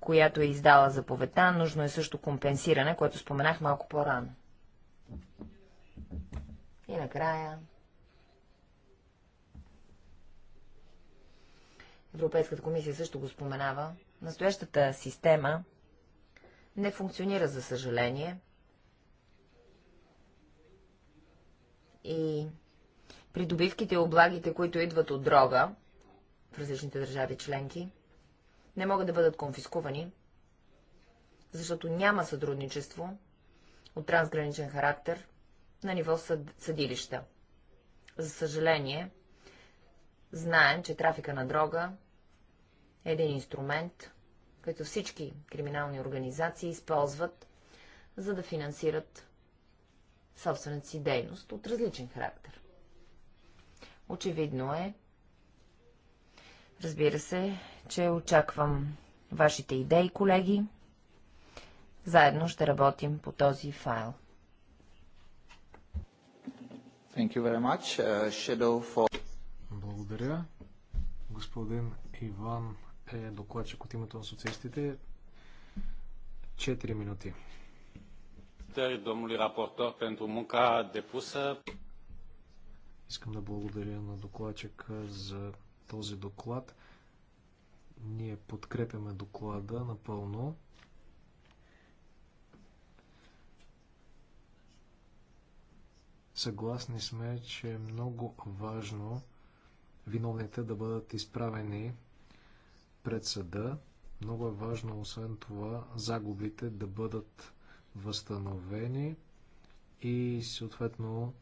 която е издала заповедта. Нужно е също компенсиране, което споменах малко по-рано. И накрая. Европейската комисия също го споменава. Настоящата система не функционира, за съжаление, и придобивките и облагите, които идват от дрога в различните държави членки, не могат да бъдат конфискувани, защото няма сътрудничество от трансграничен характер на ниво съд... съдилища. За съжаление, знаем, че трафика на дрога е един инструмент, който всички криминални организации използват, за да финансират собствената си дейност от различен характер. Очевидно е, разбира се, че очаквам вашите идеи, колеги. Заедно ще работим по този файл. Thank you very much. Uh, shadow for... Благодаря. Господин Иван е докладчик от името на социалистите. 4 минути felicitări domnului raportor pentru munca depusă. Искам да благодаря на докладчика за този доклад. Ние подкрепяме доклада напълно. Съгласни сме, че е много важно виновните да бъдат изправени пред съда. Много е важно, освен това, загубите да бъдат възстановени и съответно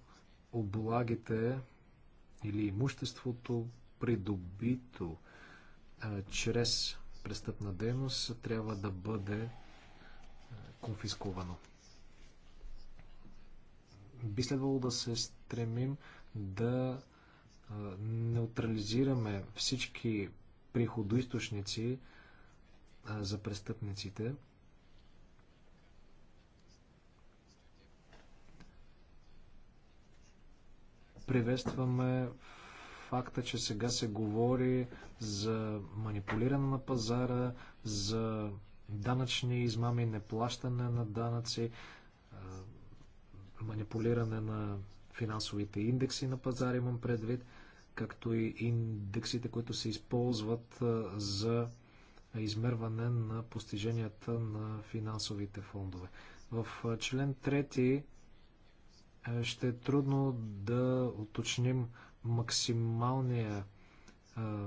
облагите или имуществото придобито а, чрез престъпна дейност трябва да бъде конфискувано. Би следвало да се стремим да неутрализираме всички приходоисточници за престъпниците – Приветстваме факта, че сега се говори за манипулиране на пазара, за данъчни измами, неплащане на данъци, манипулиране на финансовите индекси на пазара, имам предвид, както и индексите, които се използват за измерване на постиженията на финансовите фондове. В член 3 е, ще е трудно да уточним максималния а, е,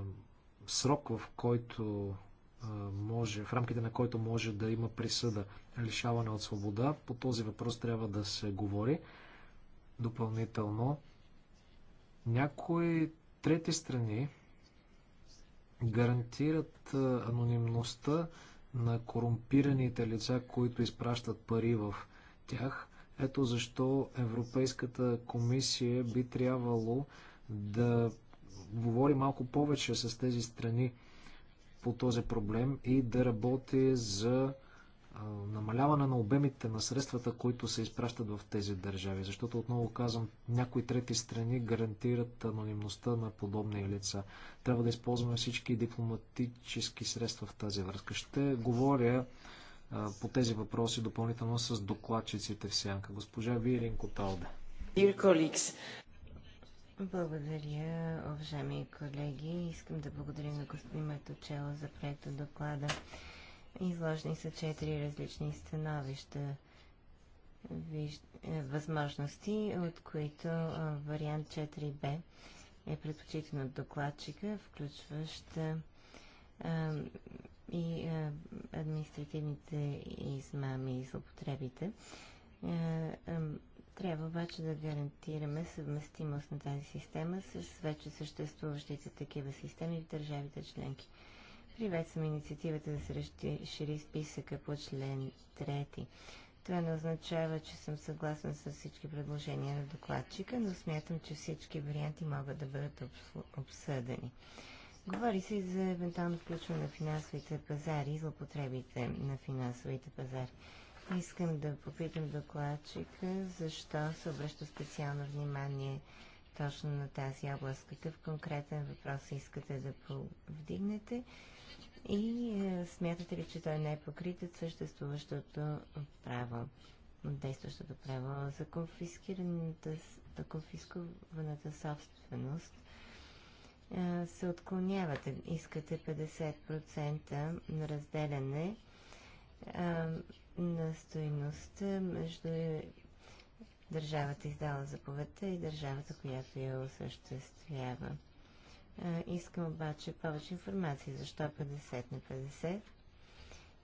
срок, в който а, е, може, в рамките на който може да има присъда лишаване от свобода. По този въпрос трябва да се говори допълнително. Някои трети страни гарантират анонимността на корумпираните лица, които изпращат пари в тях – ето защо Европейската комисия би трябвало да говори малко повече с тези страни по този проблем и да работи за намаляване на обемите на средствата, които се изпращат в тези държави. Защото, отново казвам, някои трети страни гарантират анонимността на подобни лица. Трябва да използваме всички дипломатически средства в тази връзка. Ще говоря по тези въпроси допълнително с докладчиците в сянка. Госпожа Вирин Коталде. Благодаря, уважаеми колеги. Искам да благодаря на господин Маточела за проекта доклада. Изложени са четири различни становища виж... Е, възможности, от които е, вариант 4b е предпочитан от докладчика, включващ е, и а, е, административните измами и злопотребите. А, е, а, е, трябва обаче да гарантираме съвместимост на тази система с вече съществуващите такива системи в държавите членки. Приветствам инициативата да се разшири списъка по член 3. Това не означава, че съм съгласна с всички предложения на докладчика, но смятам, че всички варианти могат да бъдат обсъдени. Говори се и за евентуално включване на финансовите пазари и злопотребите на финансовите пазари. Искам да попитам докладчика, защо се обръща специално внимание точно на тази област. Какъв конкретен въпрос искате да повдигнете? И е, смятате ли, че той не е покрит от съществуващото право, от действащото право за конфискираната, конфискованата собственост? се отклонявате. Искате 50% на разделяне а, на стоиността между държавата издала заповедта и държавата, която я осъществява. А, искам обаче повече информация. Защо 50 на 50?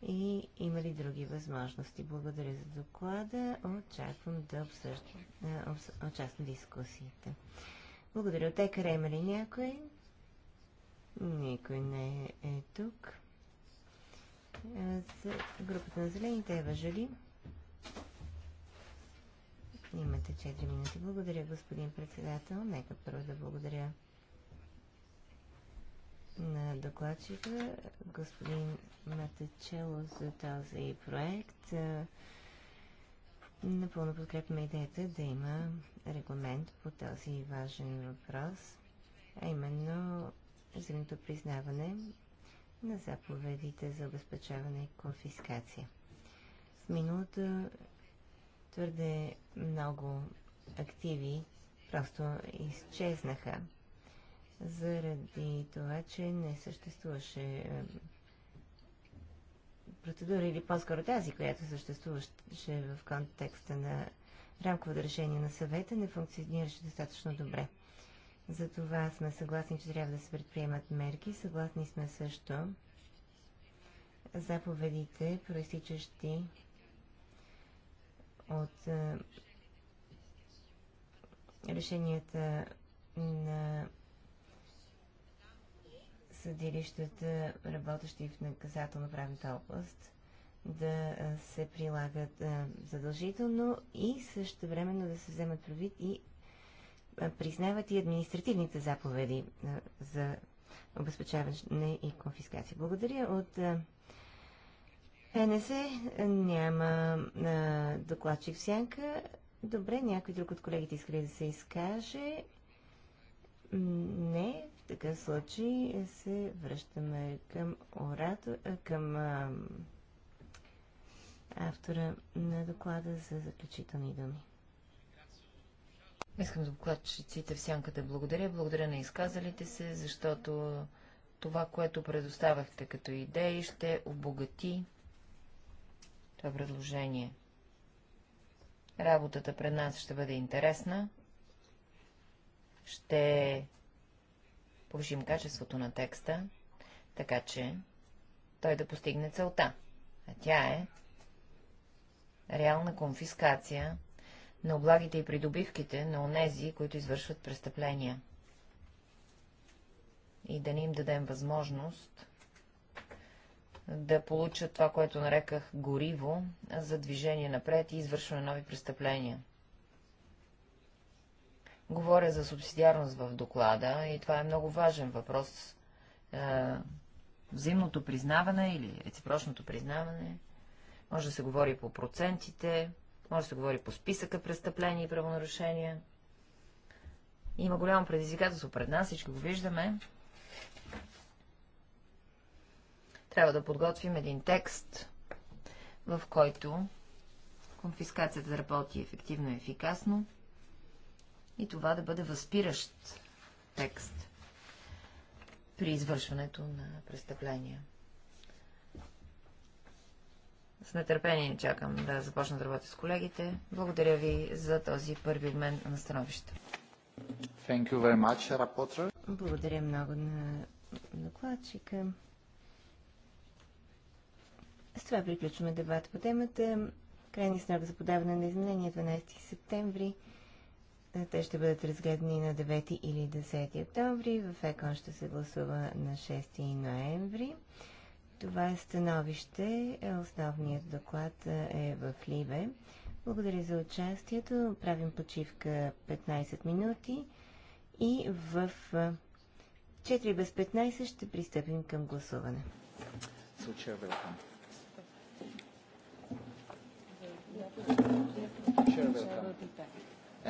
И има ли други възможности? Благодаря за доклада. Очаквам да обсъждам, обс... участвам дискусията. Благодаря. От има ли някой? Никой не е тук. За групата на зелените е въжали. Имате 4 минути. Благодаря, господин председател. Нека първо да благодаря на докладчика, господин Матачело, за този проект. Напълно подкрепяме идеята да има регламент по този важен въпрос, а именно взаимното признаване на заповедите за обезпечаване и конфискация. В миналото твърде много активи просто изчезнаха заради това, че не съществуваше процедура или по-скоро тази, която съществуваше в контекста на рамковото решение на съвета, не функционираше достатъчно добре. За това сме съгласни, че трябва да се предприемат мерки. Съгласни сме също заповедите, проистичащи от е, решенията на съдилищата, работещи в наказателно-правната област, да е, се прилагат е, задължително и също времено да се вземат предвид и признават и административните заповеди за обезпечаване и конфискация. Благодаря от ПНС няма докладчик в сянка. Добре, някой друг от колегите иска да се изкаже? Не, в такъв случай се връщаме към, оратор, към автора на доклада за заключителни думи. Искам да цвите в сянката. благодаря. Благодаря на изказалите се, защото това, което предоставяхте като идеи, ще обогати това предложение. Работата пред нас ще бъде интересна. Ще повишим качеството на текста, така че той да постигне целта. А тя е реална конфискация на облагите и придобивките на онези, които извършват престъпления. И да не им дадем възможност да получат това, което нареках гориво за движение напред и извършване нови престъпления. Говоря за субсидиарност в доклада и това е много важен въпрос. Е, взаимното признаване или реципрочното признаване, може да се говори по процентите, може да се говори по списъка престъпления и правонарушения. Има голямо предизвикателство пред нас, всички го виждаме. Трябва да подготвим един текст, в който конфискацията да работи ефективно и ефикасно и това да бъде възпиращ текст при извършването на престъпления. С нетърпение чакам да започна да работя с колегите. Благодаря ви за този първи обмен на становища. Thank you very much, Благодаря много на докладчика. С това приключваме дебат по темата. Крайни срок за подаване на изменения 12 е септември. Е, те ще бъдат разгледани на 9 или 10 октомври. В ЕКОН ще се гласува на 6 ноември. Това е становище. Е, основният доклад е, е в ЛИВЕ. Благодаря за участието. Правим почивка 15 минути и в 4 е, без 15 ще пристъпим към гласуване.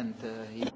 And uh, he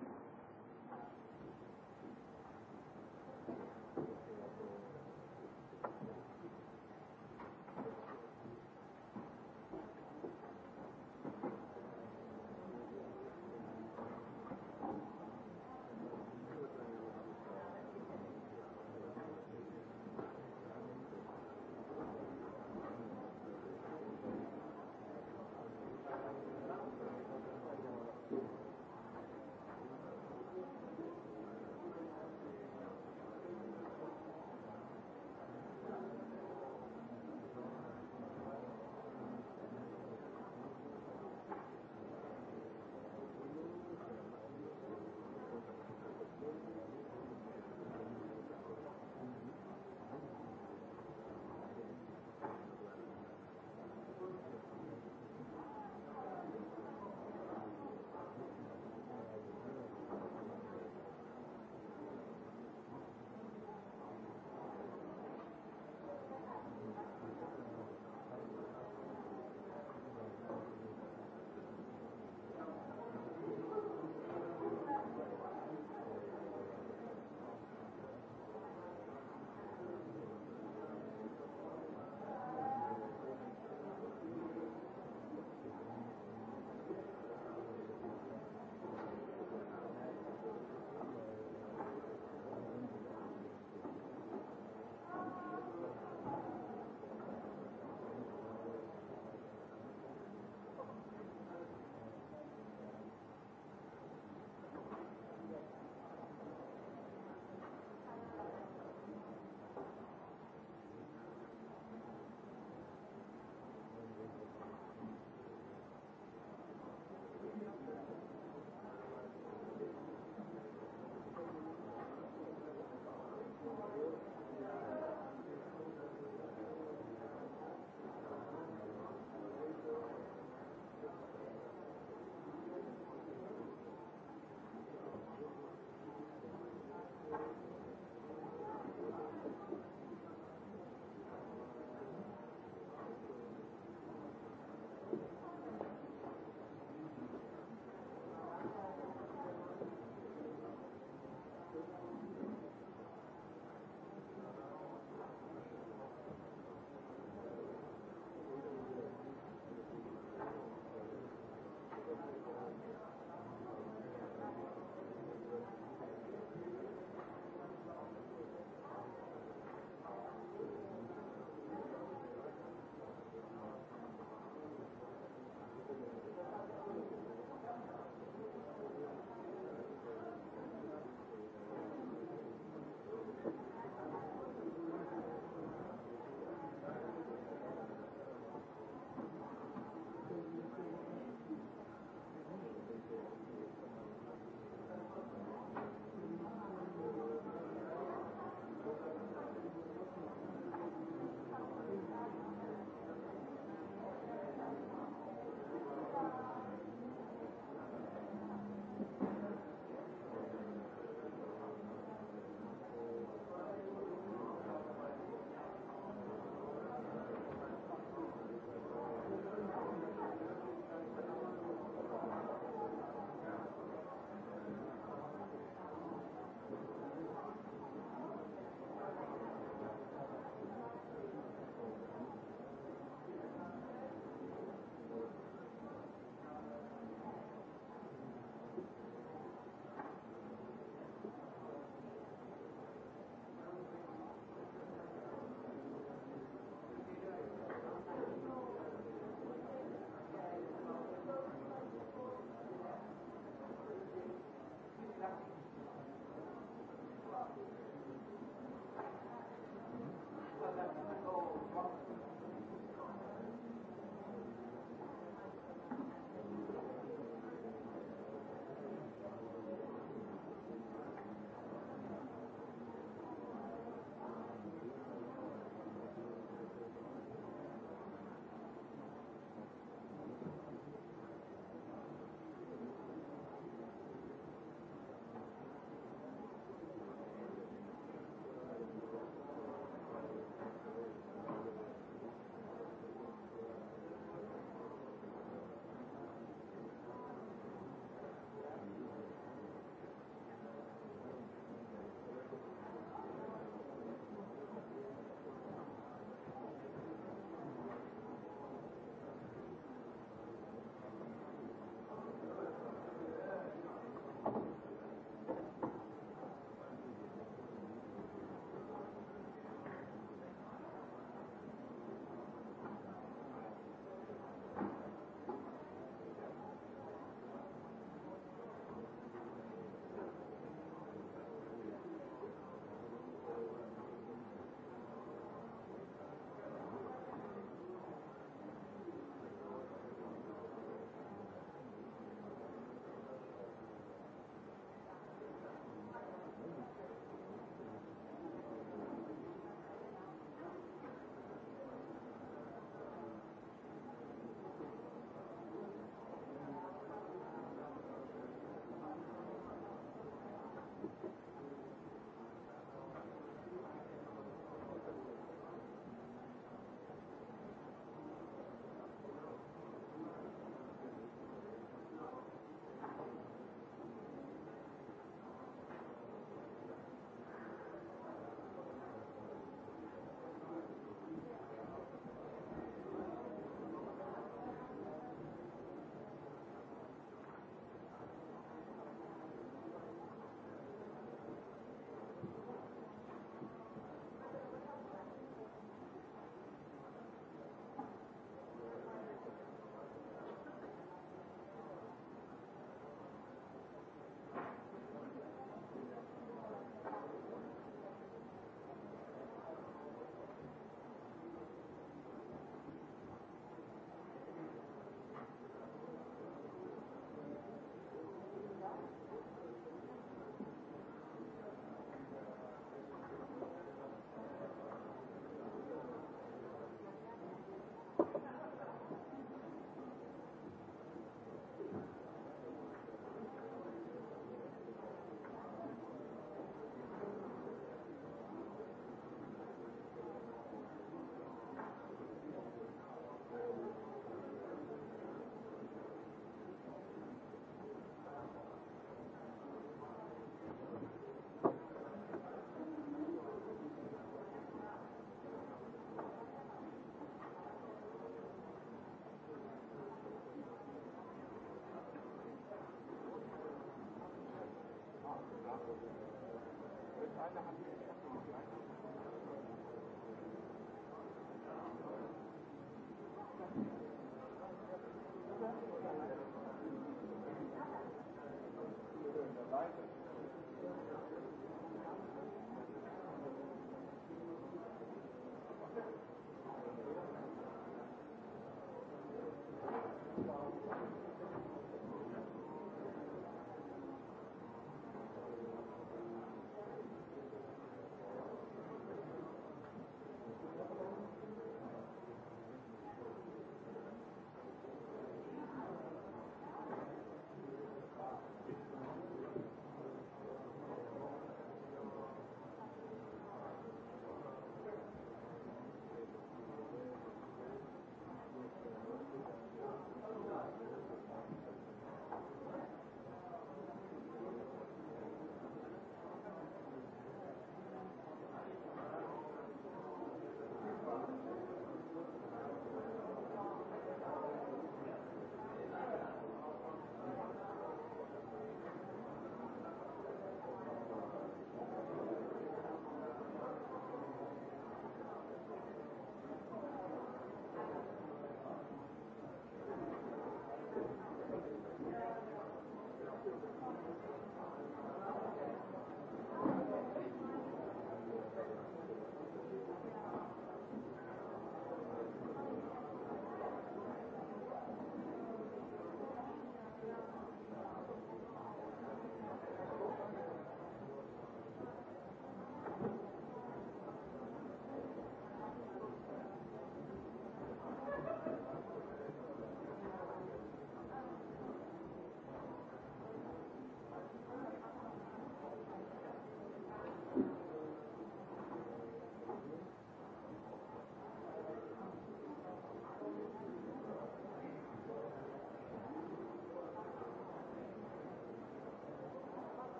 هذا حديث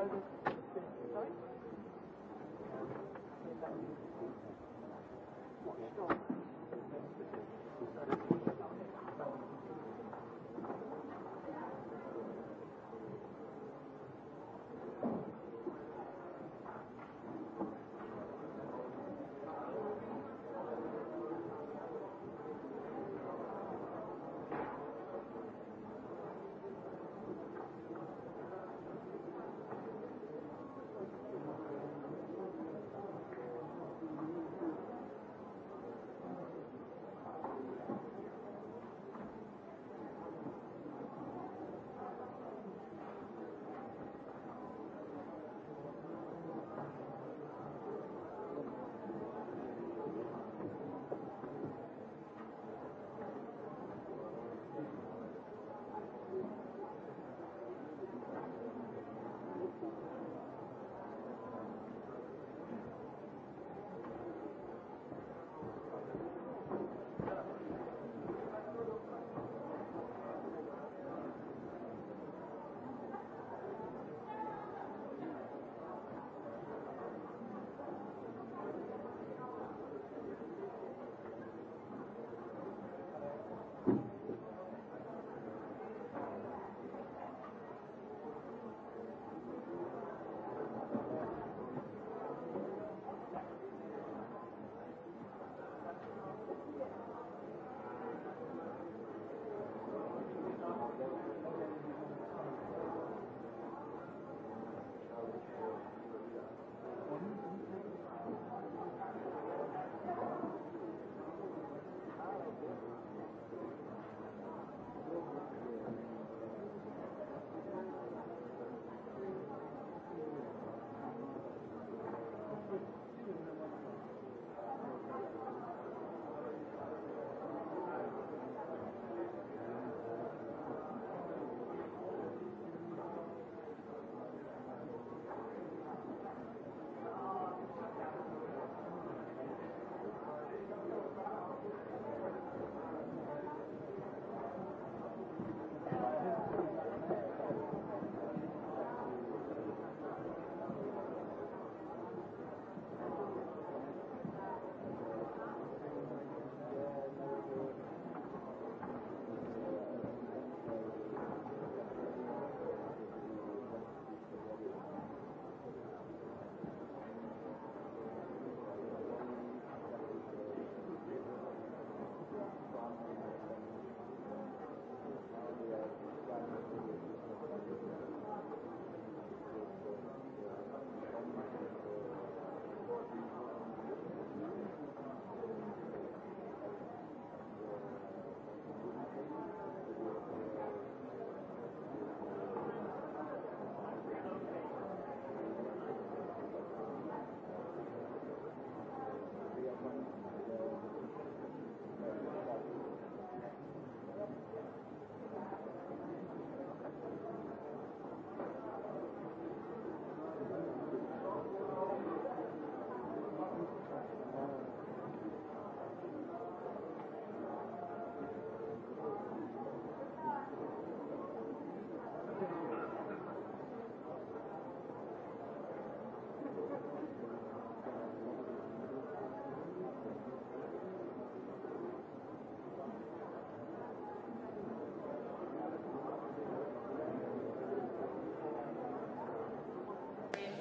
Thank you.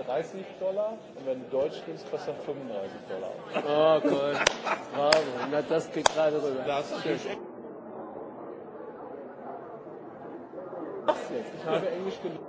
30 Dollar und wenn du Deutsch nimmst, kostet das 35 Dollar. Oh Gott, bravo, na das geht gerade rüber. Das ist schön. Ich habe Englisch gelernt.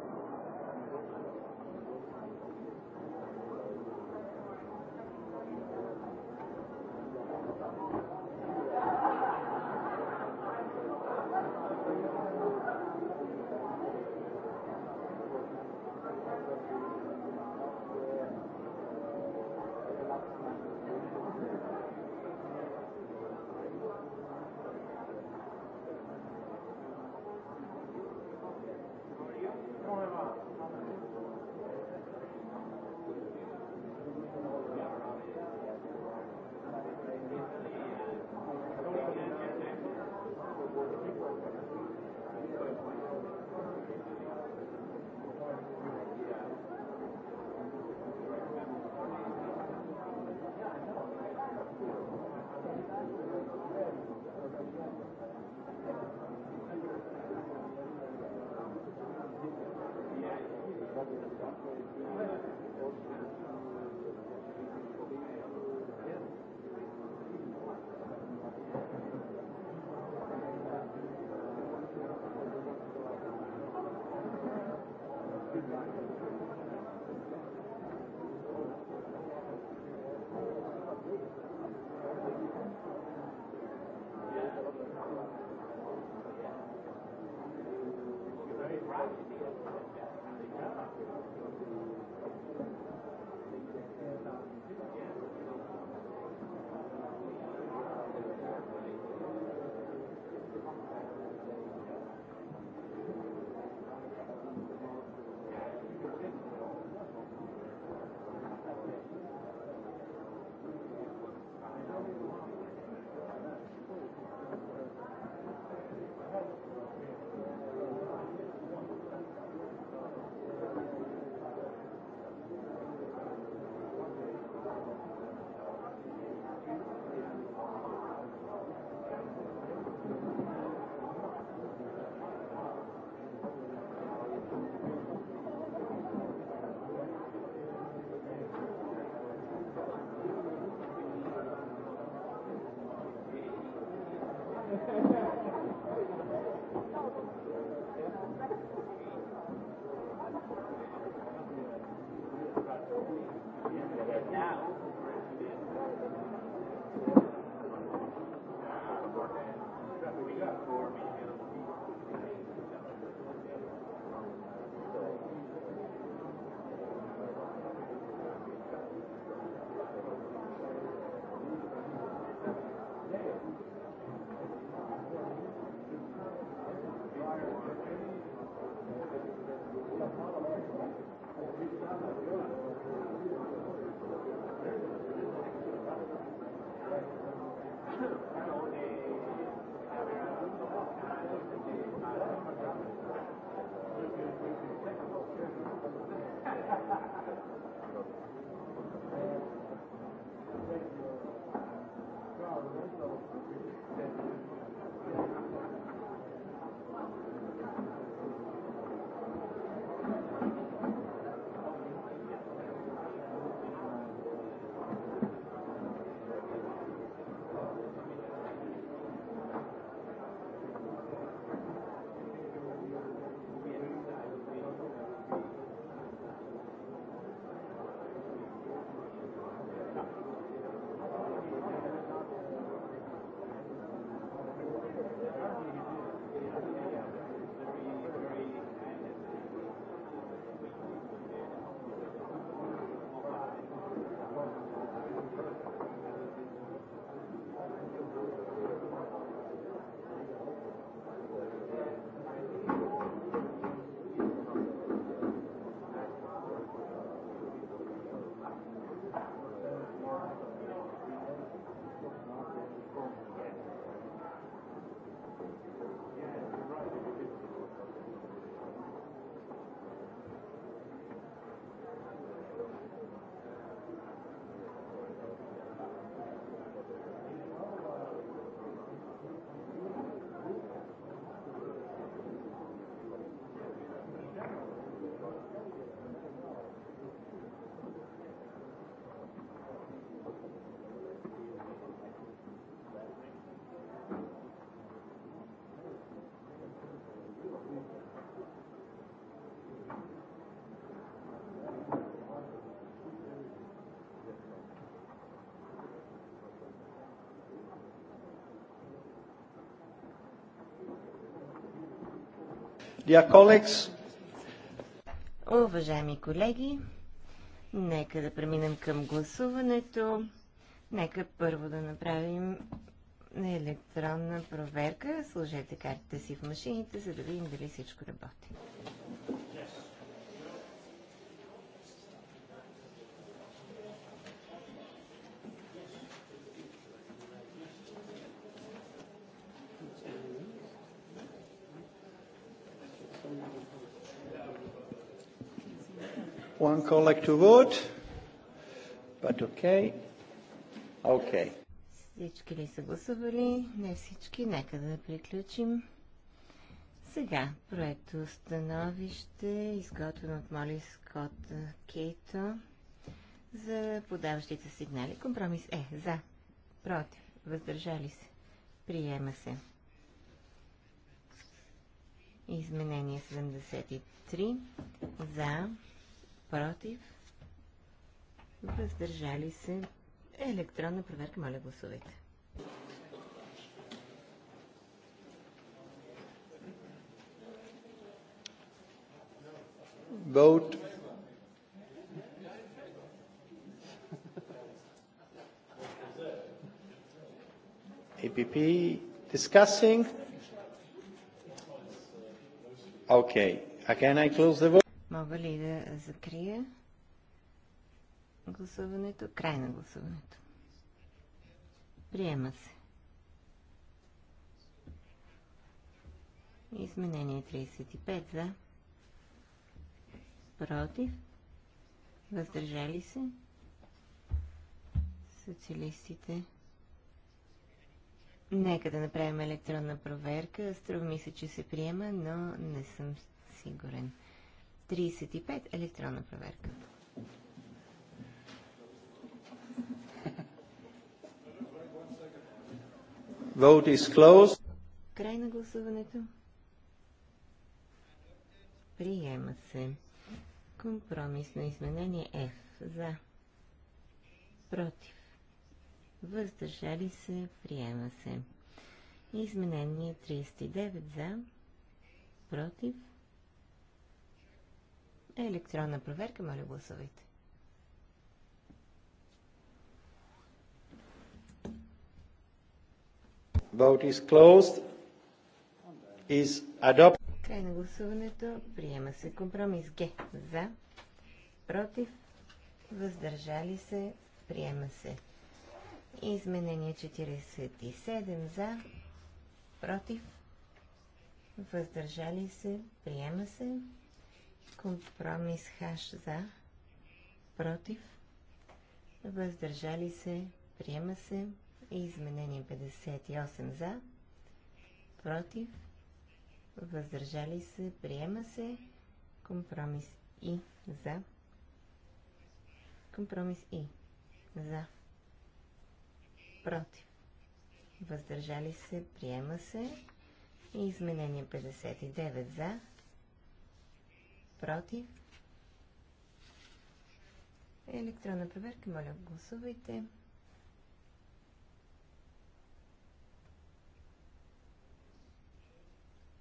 Уважаеми колеги, нека да преминем към гласуването. Нека първо да направим електронна проверка. Сложете картите си в машините, за да видим дали всичко One colleague to vote. But okay. Okay. Всички ли са гласували? Не всички. Нека да приключим. Сега проекто становище, изготвено от Моли Скот Кейто за подаващите сигнали. Компромис е за, против, въздържали се, приема се. Изменение 73 за, против, въздържали се. Електронна проверка, моля гласувайте. Vote. APP discussing. Okay. Can I close the vote? Мога ли да закрия гласуването? Край на гласуването. Приема се. Изменение 35 за. Против. Въздържали се. Социалистите. Нека да направим електронна проверка. Струва ми се, че се приема, но не съм сигурен. 35. Електронна проверка. Vote is closed. Край на гласуването. Приема се. Компромисно изменение F. За. Против. Въздържали се. Приема се. Изменение 39 за. Против. Е, електронна проверка, моля гласувайте. Vote is closed. Is adopted. Край на гласуването. Приема се компромис Г. За. Против. Въздържали се. Приема се. Изменение 47 за. Против. Въздържали се. Приема се. Компромис хаш за. Против. Въздържали се. Приема се. Изменение 58 за. Против. Въздържали се. Приема се. Компромис и за. Компромис и за. Против. Въздържали се. Приема се. И изменение 59 за против. Електронна проверка, моля, гласувайте.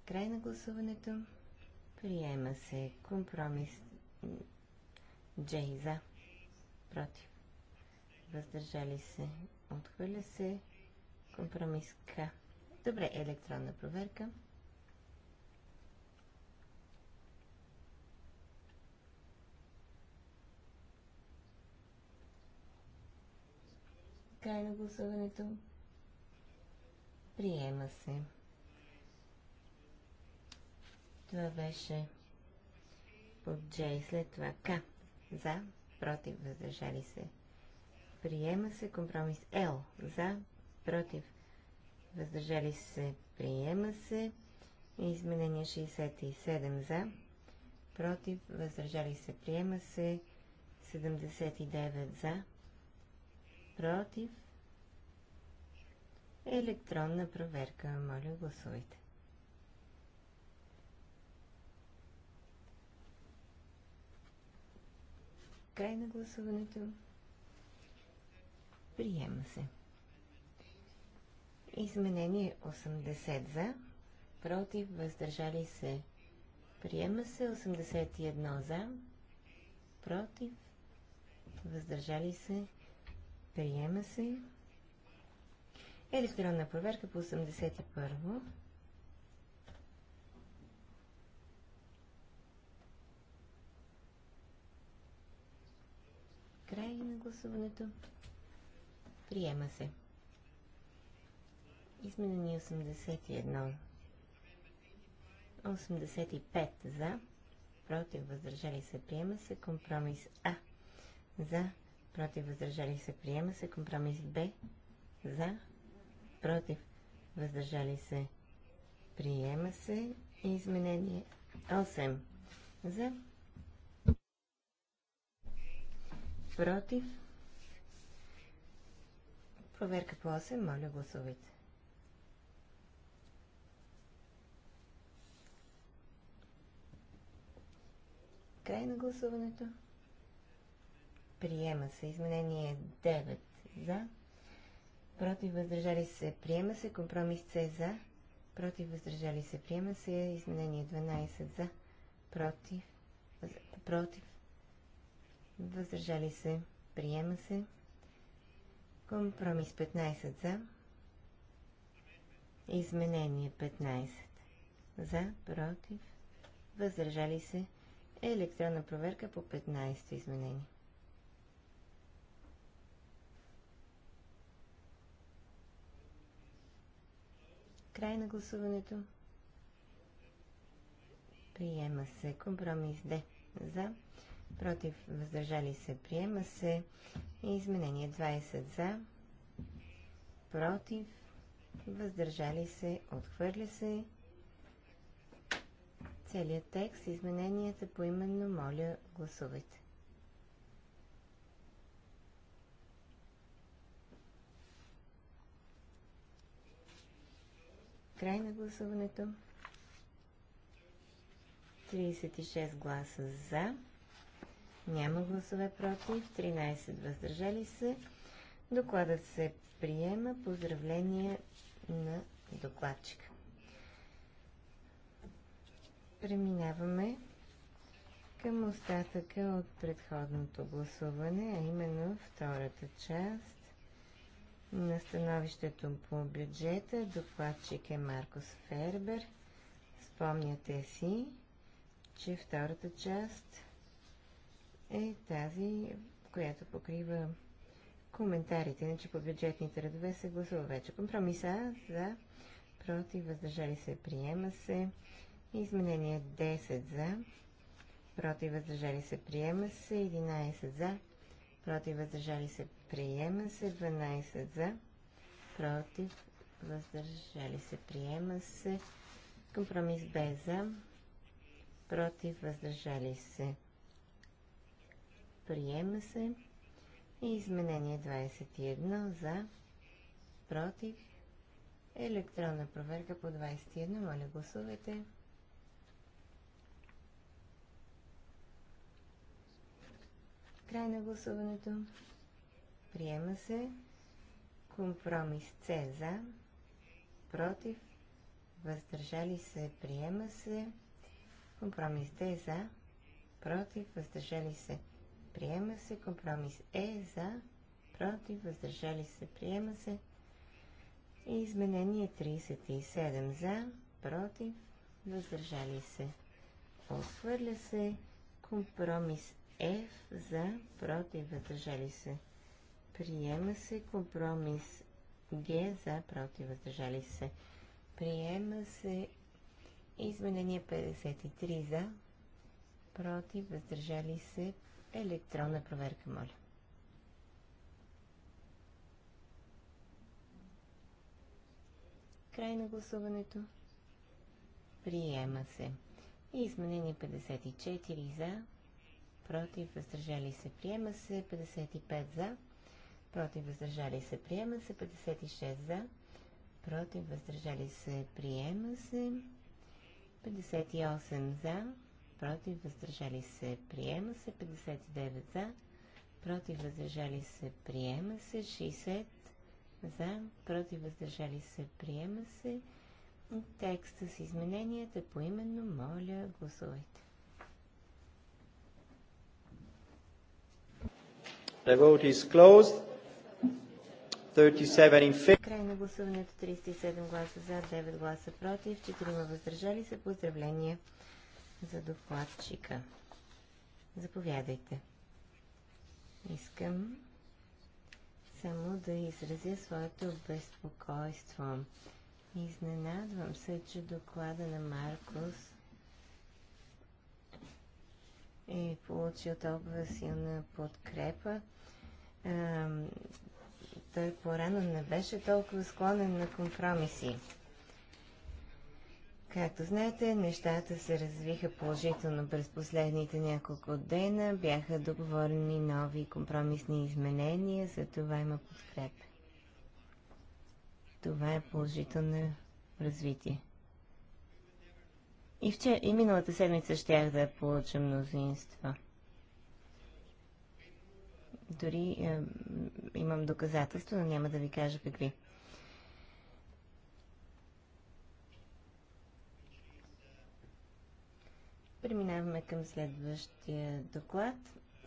Край на гласуването. Приема се компромис Джей за. Против. Въздържали се. Отхвърля се. Компромис К. Добре, електронна проверка. Край на гласуването. Приема се. Това беше по J, след това К. За, против, въздържали се. Приема се компромис Л. За, против, въздържали се. Приема се. Изменение 67 за, против, въздържали се. Приема се. 79 за, против, електронна проверка. Моля, гласувайте. Край на гласуването. Приема се. Изменение 80 за, против, въздържали се. Приема се 81 за, против, въздържали се. Приема се. Е, електронна проверка по 81-во. Край на гласуването. Приема се. Изменени 81. 85 за. Против въздържали се. Приема се. Компромис А. За против, въздържали се, приема се. Компромис Б, за, против, въздържали се, приема се. Изменение 8, за, против. Проверка по 8, моля гласувайте. Край на гласуването. Приема се. Изменение 9 за. Против въздържали се. Приема се. Компромис С за. Против въздържали се. Приема се. Изменение 12 за. Против. Против. Въздържали се. Приема се. Компромис 15 за. Изменение 15 за. Против. Въздържали се. Електронна проверка по 15 изменение. Край на гласуването. Приема се компромис Д. За. Против. Въздържали се. Приема се. Изменение 20 за. Против. Въздържали се. Отхвърля се. Целият текст. Измененията по именно Моля, гласувайте. Край на гласуването. 36 гласа за. Няма гласове против. 13 въздържали се. Докладът се приема. Поздравление на докладчика. Преминаваме към остатъка от предходното гласуване, а именно втората част на становището по бюджета. Докладчик е Маркос Фербер. Спомняте си, че втората част е тази, която покрива коментарите, иначе по бюджетните редове се гласува вече. Компромиса за, против, въздържали се, приема се. Изменение 10 за, против, въздържали се, приема се. 11 за, против, въздържали се, приема се, 12 за, против, въздържали се, приема се, компромис Б за, против, въздържали се, приема се и изменение 21 за, против, електронна проверка по 21, моля гласувайте. Край на гласуването. Приема се. Компромис С за. Против. Въздържали се. Приема се. Компромис Д за. Против. Въздържали се. Приема се. Компромис Е за. Против. Въздържали се. Приема се. И изменение 37 за. Против. Въздържали се. Отхвърля се. Компромис F за. Против. Въздържали се. Приема се компромис Г за против въздържали се. Приема се изменение 53 за против въздържали се. Електронна проверка, моля. Край на гласуването. Приема се. Изменение 54 за против въздържали се. Приема се 55 за против въздържали се, приема се. 56 за, против въздържали се, приема се. 58 за, против въздържали се, приема се. 59 за, против въздържали се, приема се. 60 за, против въздържали се, приема се. Текста с измененията поименно, моля, гласувайте. The vote is closed. Край на гласуването 37 гласа за, 9 гласа против, 4 въздържали се. Поздравления за докладчика. Заповядайте. Искам само да изразя своето безпокойство. Изненадвам се, че доклада на Маркос е получил толкова силна подкрепа той по-рано не беше толкова склонен на компромиси. Както знаете, нещата се развиха положително през последните няколко дена. Бяха договорени нови компромисни изменения, за това има подкреп. Това е положително развитие. И, вчер... и миналата седмица щях да получа мнозинство. Дори имам доказателства, но няма да ви кажа какви. Преминаваме към следващия доклад,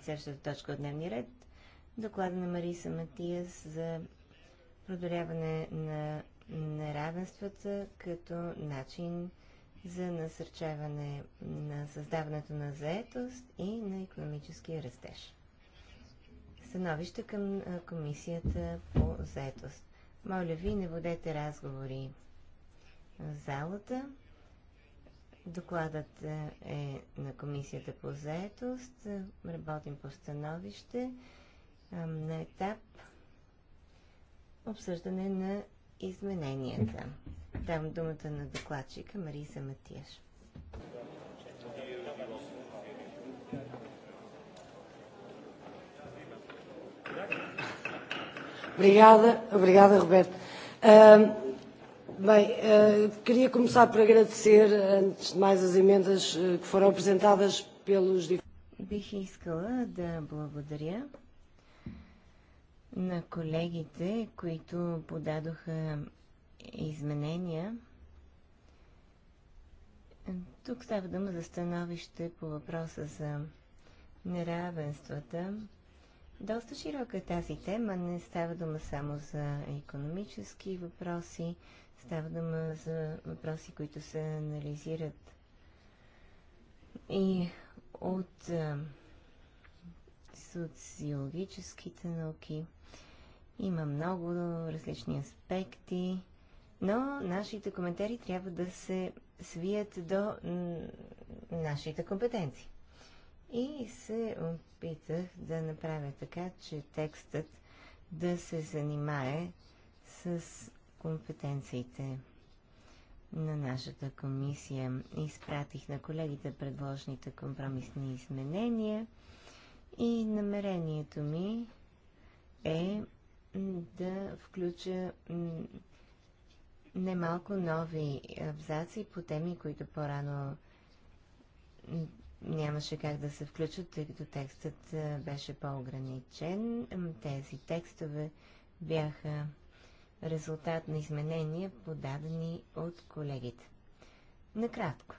следващата точка от дневния ред. Доклада на Мариса Матиас за продоляване на неравенствата като начин за насърчаване на създаването на заетост и на економическия растеж становища към комисията по заетост. Моля ви, не водете разговори в залата. Докладът е на комисията по заетост. Работим по становище на етап обсъждане на измененията. Давам думата на докладчика Мариса Матияш. Obrigada, obrigada, Roberto. Uh, bem, uh, queria começar por agradecer, antes de mais, as emendas uh, que foram apresentadas pelos diferentes. Бих искала на колегите, които подадоха изменения. Тук става дума за становище по въпроса за неравенствата доста широка е тази тема. Не става дума само за економически въпроси, става дума за въпроси, които се анализират и от а, социологическите науки. Има много различни аспекти, но нашите коментари трябва да се свият до нашите компетенции. И се опитах да направя така, че текстът да се занимае с компетенциите на нашата комисия. Изпратих на колегите предложените компромисни изменения и намерението ми е да включа немалко нови абзаци по теми, които по-рано нямаше как да се включат, тъй като текстът беше по-ограничен. Тези текстове бяха резултат на изменения, подадени от колегите. Накратко.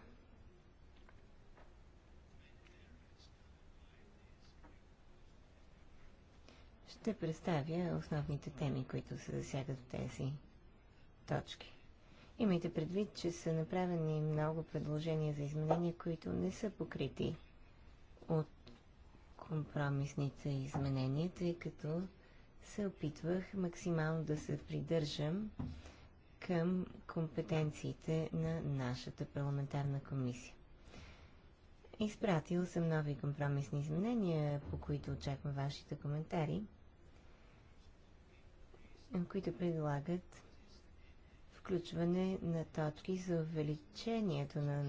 Ще представя основните теми, които се засягат в тези точки. Имайте предвид, че са направени много предложения за изменения, които не са покрити от компромисните изменения, тъй като се опитвах максимално да се придържам към компетенциите на нашата парламентарна комисия. Изпратил съм нови компромисни изменения, по които очаквам вашите коментари, които предлагат включване на точки за увеличението на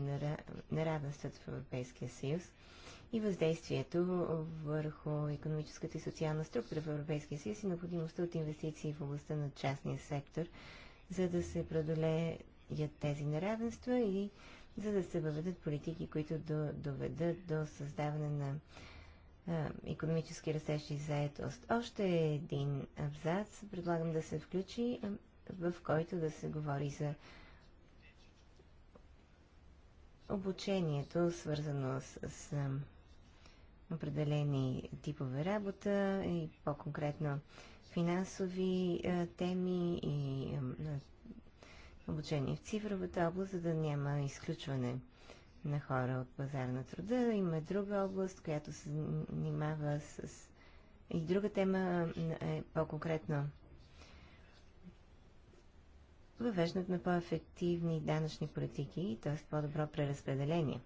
неравенството в Европейския съюз и въздействието върху економическата и социална структура в Европейския съюз и необходимостта от инвестиции в областта на частния сектор, за да се преодолеят тези неравенства и за да се въведат политики, които до, доведат до създаване на економически растеж и заетост. Още един абзац предлагам да се включи, в който да се говори за обучението, свързано с, с определени типове работа и по-конкретно финансови а, теми и а, обучение в цифровата област, за да няма изключване на хора от пазар на труда. Има друга област, която се занимава с... И друга тема е по-конкретно Въвеждат на по-ефективни данъчни политики, т.е. по-добро преразпределение.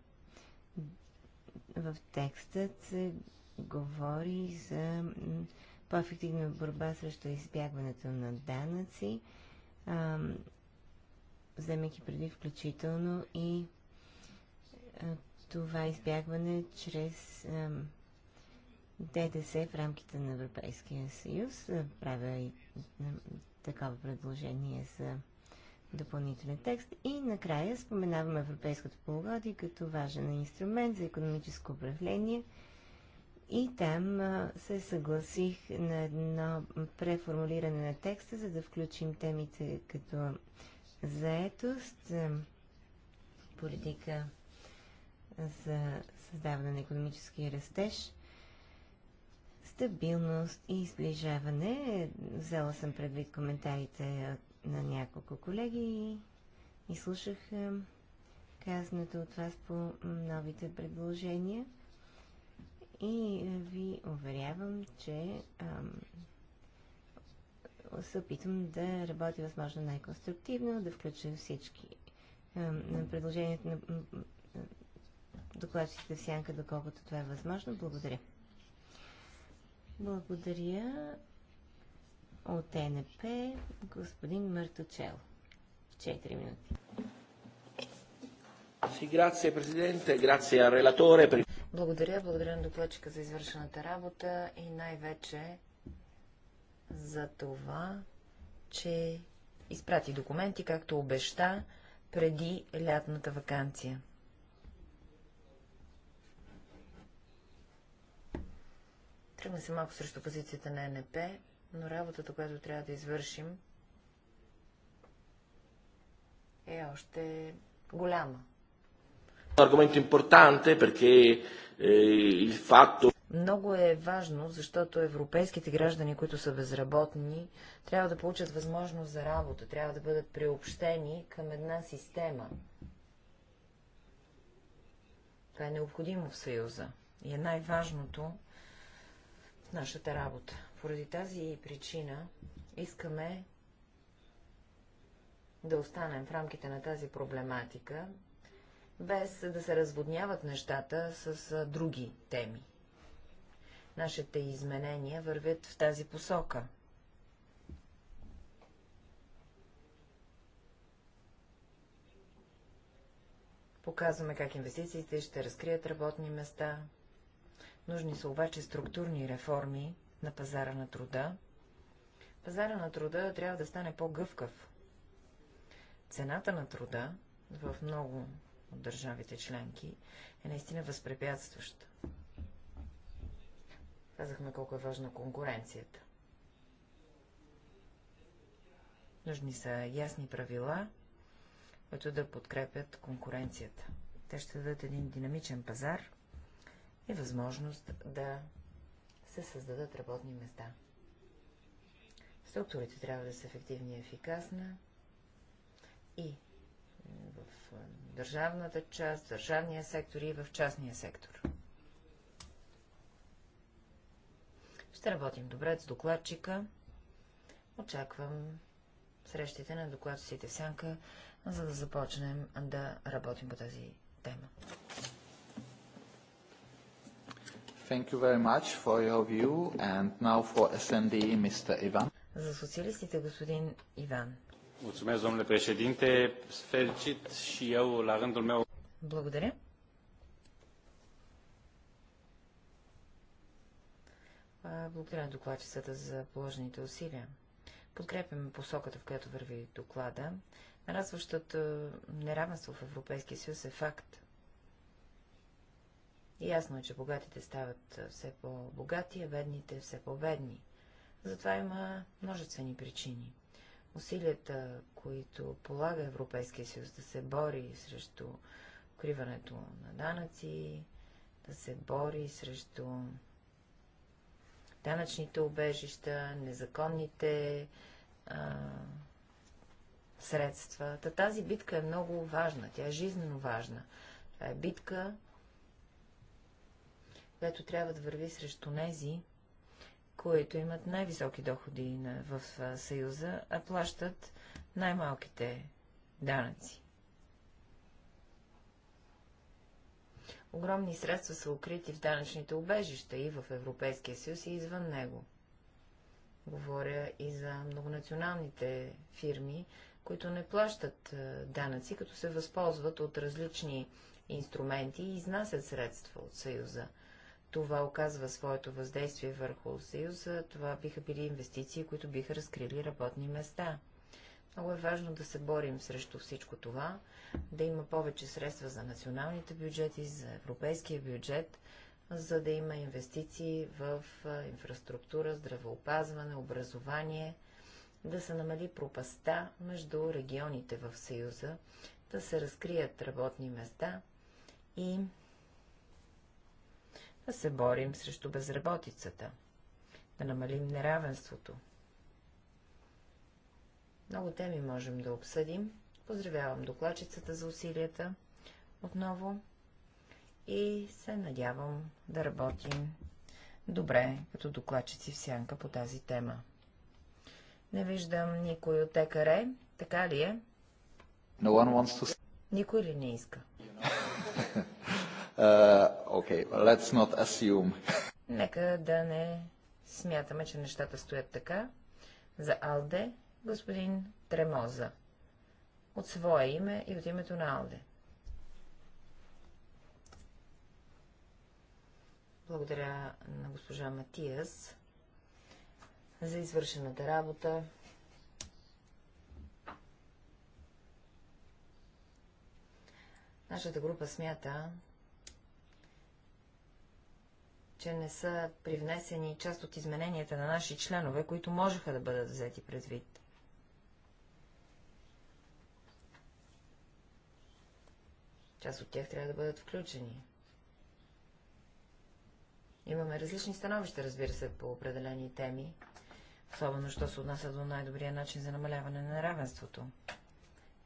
В текстът се говори за по-ефективна борба срещу избягването на данъци, вземайки преди включително и това избягване чрез ДДС в рамките на Европейския съюз. Правя и такова предложение за допълнителен текст. И накрая споменавам Европейското полугодие като важен инструмент за економическо управление. И там се съгласих на едно преформулиране на текста, за да включим темите като заетост, политика за създаване на економически растеж, стабилност и сближаване. Взела съм предвид коментарите от на няколко колеги и изслушах казаното от вас по новите предложения. И ви уверявам, че ам, се опитвам да работя възможно най-конструктивно, да включа всички ам, предложенията на докладчите в сянка, доколкото това е възможно. Благодаря. Благодаря от ЕНП господин Мъртучел. 4 минути. Благодаря, благодаря на докладчика за извършената работа и най-вече за това, че изпрати документи, както обеща, преди лятната вакансия. Тръгна се малко срещу позицията на НП, но работата, която трябва да извършим, е още голяма. Аргумент импортанте, perché е, il fatto много е важно, защото европейските граждани, които са безработни, трябва да получат възможност за работа, трябва да бъдат приобщени към една система. Това е необходимо в Съюза и е най-важното в нашата работа. Поради тази причина искаме да останем в рамките на тази проблематика, без да се разводняват нещата с други теми. Нашите изменения вървят в тази посока. Показваме как инвестициите ще разкрият работни места. Нужни са обаче структурни реформи, на пазара на труда. Пазара на труда трябва да стане по-гъвкав. Цената на труда в много от държавите членки е наистина възпрепятстваща. Казахме колко е важна конкуренцията. Нужни са ясни правила, които да подкрепят конкуренцията. Те ще дадат един динамичен пазар и възможност да се създадат работни места. Структурите трябва да са ефективни и ефикасна и е, в е, държавната част, в държавния сектор и в частния сектор. Ще работим добре с докладчика. Очаквам срещите на докладчиците в сянка, за да започнем да работим по тази тема. Thank you very much for your view and now for SND, Mr. Ivan. За социалистите, господин Иван. Mulțumesc, domnule președinte. Felicit și eu, la rândul meu. Благодаря. Благодаря на докладчицата за положените усилия. Подкрепяме посоката, в която върви доклада. Нарастващото неравенство в Европейския съюз е факт. Ясно е, че богатите стават все по-богати, а бедните все по-бедни. Затова има множествени причини. Усилията, които полага Европейския съюз да се бори срещу укриването на данъци, да се бори срещу данъчните убежища, незаконните а, средства. Та тази битка е много важна, тя е жизненно важна. Това е битка, която трябва да върви срещу нези, които имат най-високи доходи в Съюза, а плащат най-малките данъци. Огромни средства са укрити в данъчните убежища и в Европейския съюз и извън него. Говоря и за многонационалните фирми, които не плащат данъци, като се възползват от различни инструменти и изнасят средства от Съюза – това оказва своето въздействие върху Съюза, това биха били инвестиции, които биха разкрили работни места. Много е важно да се борим срещу всичко това, да има повече средства за националните бюджети, за европейския бюджет, за да има инвестиции в инфраструктура, здравеопазване, образование, да се намали пропаста между регионите в Съюза, да се разкрият работни места и да се борим срещу безработицата, да намалим неравенството. Много теми можем да обсъдим. Поздравявам докладчицата за усилията отново и се надявам да работим добре като докладчици в сянка по тази тема. Не виждам никой от текаре, така ли е? No one wants to... Никой ли не иска? Uh, okay, let's not assume. Нека да не смятаме, че нещата стоят така. За Алде, господин Тремоза. От свое име и от името на Алде. Благодаря на госпожа Матиас за извършената работа. Нашата група смята, че не са привнесени част от измененията на наши членове, които можеха да бъдат взети предвид. Част от тях трябва да бъдат включени. Имаме различни становища, разбира се, по определени теми, особено, що се отнася до най-добрия начин за намаляване на неравенството.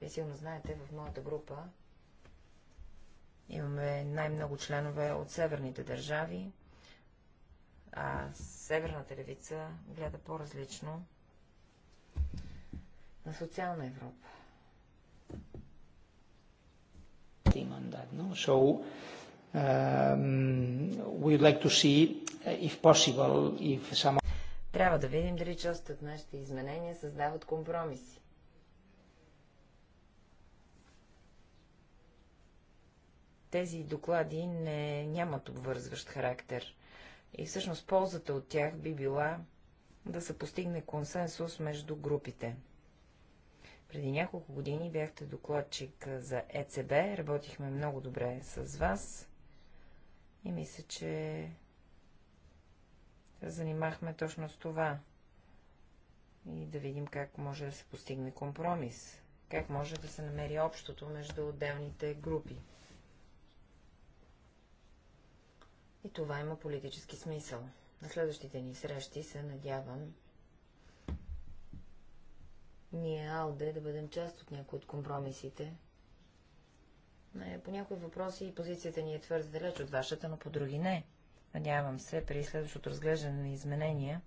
Вие силно знаете, в моята група имаме най-много членове от северните държави, а Северната левица гледа по-различно на социална Европа. So, um, like to see, uh, if possible, if some... Трябва да видим дали част от нашите изменения създават компромиси. Тези доклади не, нямат обвързващ характер – и всъщност ползата от тях би била да се постигне консенсус между групите. Преди няколко години бяхте докладчик за ЕЦБ, работихме много добре с вас и мисля, че се занимахме точно с това и да видим как може да се постигне компромис, как може да се намери общото между отделните групи. И това има политически смисъл. На следващите ни срещи се надявам ние, Алде, да бъдем част от някои от компромисите. По някои въпроси и позицията ни е твърде далеч от вашата, но по други не. Надявам се, при следващото разглеждане на изменения,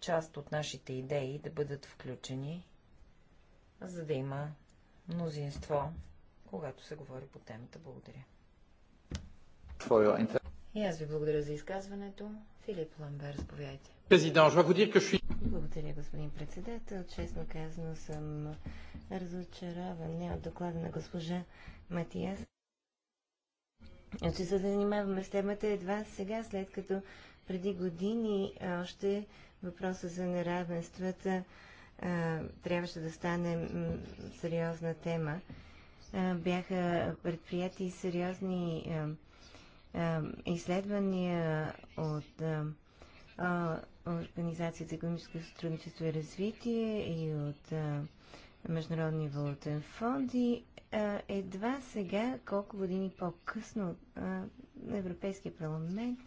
част от нашите идеи да бъдат включени, за да има мнозинство, когато се говори по темата. Благодаря. И аз ви благодаря за изказването. Филип Ламбер, заповядайте. Благодаря, господин председател. Честно казано съм разочарован. Не от доклада на госпожа Матиас. Че се занимаваме с темата едва сега, след като преди години още въпроса за неравенствата а, трябваше да стане сериозна тема. А, бяха предприяти сериозни а, изследвания от Организацията за економическо сътрудничество и развитие и от Международния валутен фонд и едва сега, колко години по-късно, на Европейския парламент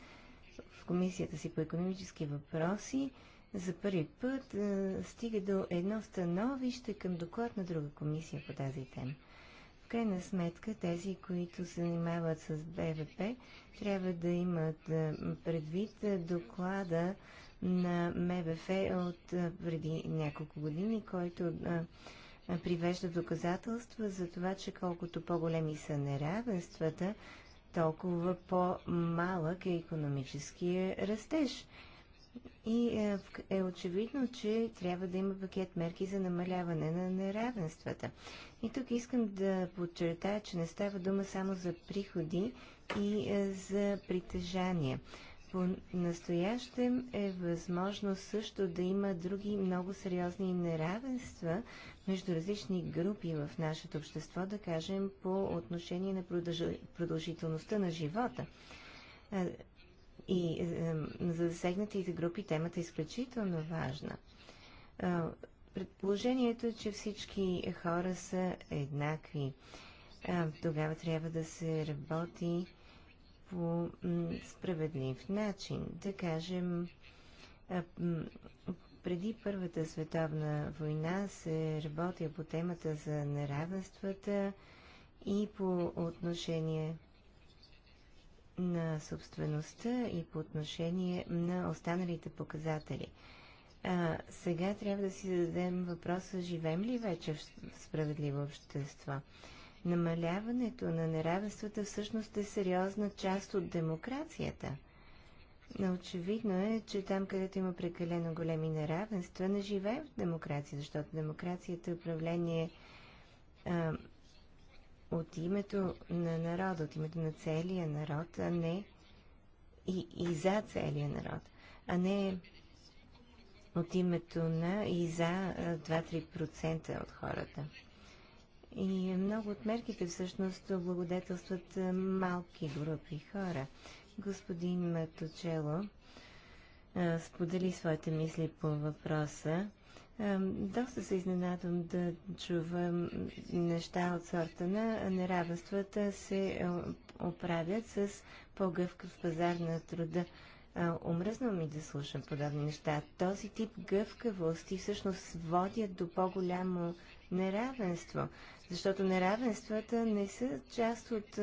в Комисията си по економически въпроси за първи път стига до едно становище към доклад на друга комисия по тази тема крайна сметка тези, които се занимават с БВП, трябва да имат е, предвид е, доклада на МВФ от е, преди няколко години, който привежда доказателства за това, че колкото по-големи са неравенствата, толкова по-малък е економическия растеж. И е, е, очевидно, че трябва да има пакет мерки за намаляване на неравенствата. И тук искам да подчертая, че не става дума само за приходи и е, за притежания. По настоящем е възможно също да има други много сериозни неравенства между различни групи в нашето общество, да кажем по отношение на продължителността на живота е, и е, е, за засегнатите групи темата е изключително важна. Е, предположението е, че всички хора са еднакви. Е, тогава трябва да се работи по справедлив начин. Да кажем, преди Първата световна война се работи по темата за неравенствата и по отношение на собствеността и по отношение на останалите показатели. А, сега трябва да си зададем въпроса, живеем ли вече в справедливо общество? Намаляването на неравенствата всъщност е сериозна част от демокрацията. Но очевидно е, че там, където има прекалено големи неравенства, не живеем в демокрация, защото демокрацията е управление а, от името на народа, от името на целия народ, а не и, и за целия народ, а не от името на и за 2-3% от хората. И много от мерките всъщност облагодетелстват малки групи хора. Господин Маточело сподели своите мисли по въпроса доста се изненадвам да чувам неща от сорта на неравенствата се оправят с по-гъвкав пазар на труда. Омръзна ми да слушам подобни неща. Този тип гъвкавости всъщност водят до по-голямо неравенство, защото неравенствата не са част от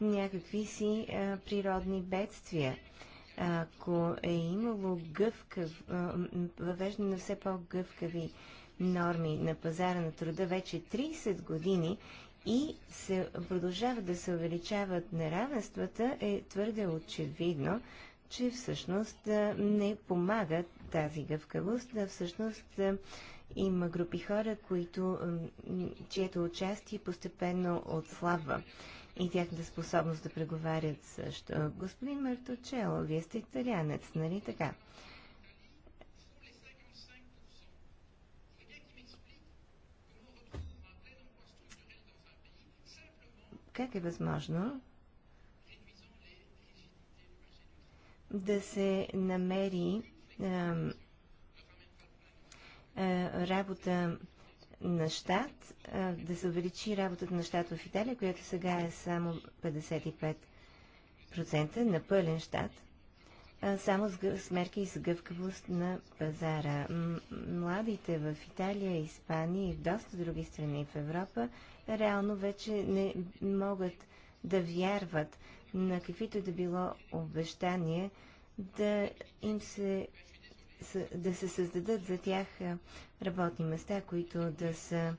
някакви си природни бедствия. Ако е имало гъвкав, въвеждане на все по-гъвкави норми на пазара на труда вече 30 години и се продължава да се увеличават неравенствата, е твърде очевидно, че всъщност не помага тази гъвкавост, да всъщност има групи хора, които, чието участие постепенно отслабва и тяхната способност да преговарят също. Господин Мартучело, вие сте италянец, нали така? Как е възможно да се намери а, а, работа на щат, да се увеличи работата на щат в Италия, която сега е само 55% на пълен щат, само с мерки и с гъвкавост на пазара. Младите в Италия, Испания и в доста други страни в Европа реално вече не могат да вярват на каквито да било обещания да им се да се създадат за тях работни места, които да са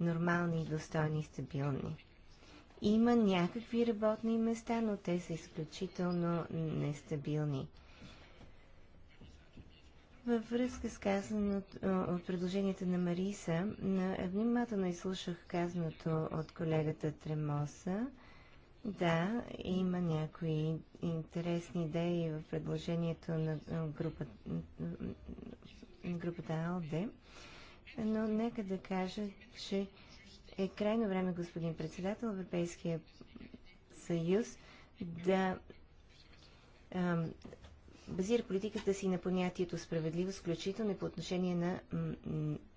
нормални, достойни и стабилни. Има някакви работни места, но те са изключително нестабилни. Във връзка с казаното от предложенията на Мариса, внимателно изслушах казаното от колегата Тремоса. Да, има някои интересни идеи в предложението на групата, групата АЛДЕ, но нека да кажа, че е крайно време, господин председател, Европейския съюз да базира политиката си на понятието справедливост, включително и по отношение на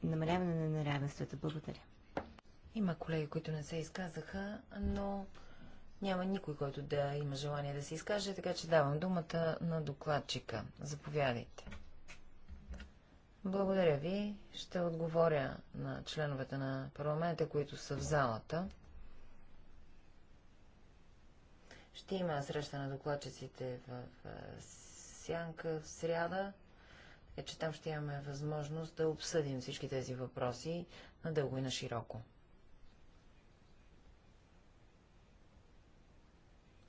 намаляване на неравенствата. Благодаря. Има колеги, които не се изказаха, но няма никой, който да има желание да се изкаже, така че давам думата на докладчика. Заповядайте. Благодаря ви. Ще отговоря на членовете на парламента, които са в залата. Ще има среща на докладчиците в, Сянка в сряда, така че там ще имаме възможност да обсъдим всички тези въпроси надълго и на широко.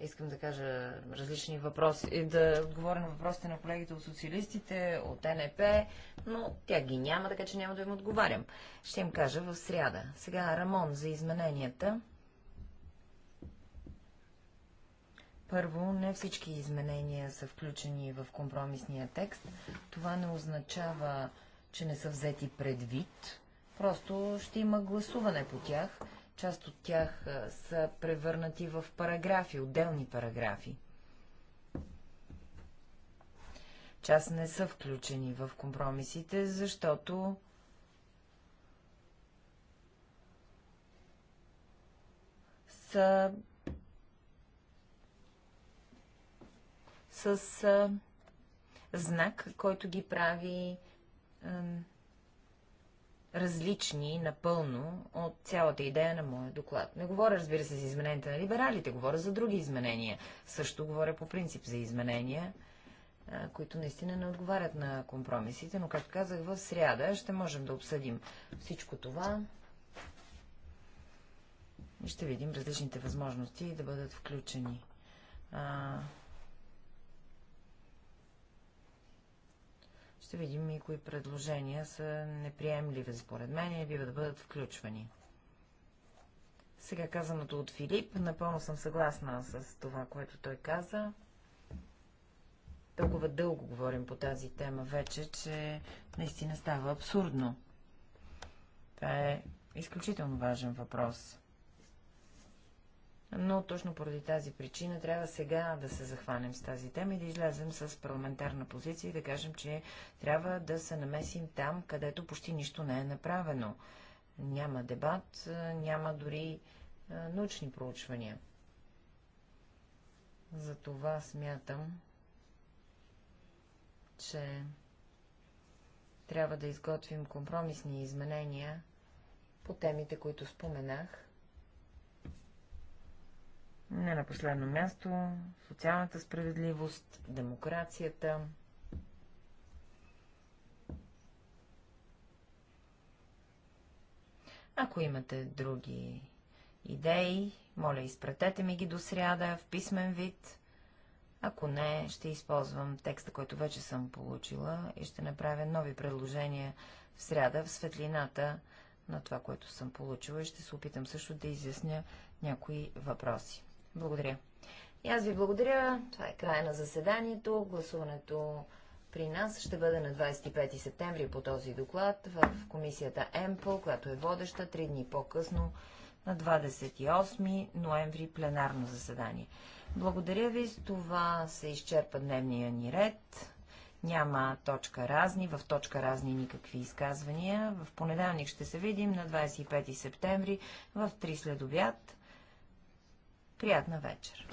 Искам да кажа различни въпроси и да отговоря на въпросите на колегите от социалистите, от НП, но тя ги няма, така че няма да им отговарям. Ще им кажа в сряда. Сега Рамон за измененията. Първо, не всички изменения са включени в компромисния текст. Това не означава, че не са взети предвид. Просто ще има гласуване по тях Част от тях са превърнати в параграфи, отделни параграфи. Част не са включени в компромисите, защото са с знак, който ги прави различни напълно от цялата идея на моя доклад. Не говоря, разбира се, за измененията на либералите, говоря за други изменения. Също говоря по принцип за изменения, които наистина не отговарят на компромисите, но, както казах, в сряда ще можем да обсъдим всичко това и ще видим различните възможности да бъдат включени. ще видим и кои предложения са неприемливи според мен и бива да бъдат включвани. Сега казаното от Филип, напълно съм съгласна с това, което той каза. Толкова дълго говорим по тази тема вече, че наистина става абсурдно. Това е изключително важен въпрос. Но точно поради тази причина трябва сега да се захванем с тази тема и да излезем с парламентарна позиция и да кажем, че трябва да се намесим там, където почти нищо не е направено. Няма дебат, няма дори научни проучвания. Затова смятам, че трябва да изготвим компромисни изменения по темите, които споменах, не на последно място, социалната справедливост, демокрацията. Ако имате други идеи, моля, изпратете ми ги до сряда в писмен вид. Ако не, ще използвам текста, който вече съм получила и ще направя нови предложения в сряда в светлината на това, което съм получила и ще се опитам също да изясня някои въпроси. Благодаря. И аз ви благодаря. Това е края на заседанието. Гласуването при нас ще бъде на 25 септември по този доклад в комисията ЕМПЛ, която е водеща, три дни по-късно на 28 ноември пленарно заседание. Благодаря ви. С това се изчерпа дневния ни ред. Няма точка разни, в точка разни никакви изказвания. В понеделник ще се видим на 25 септември в 3 следовят. Приятна вечер!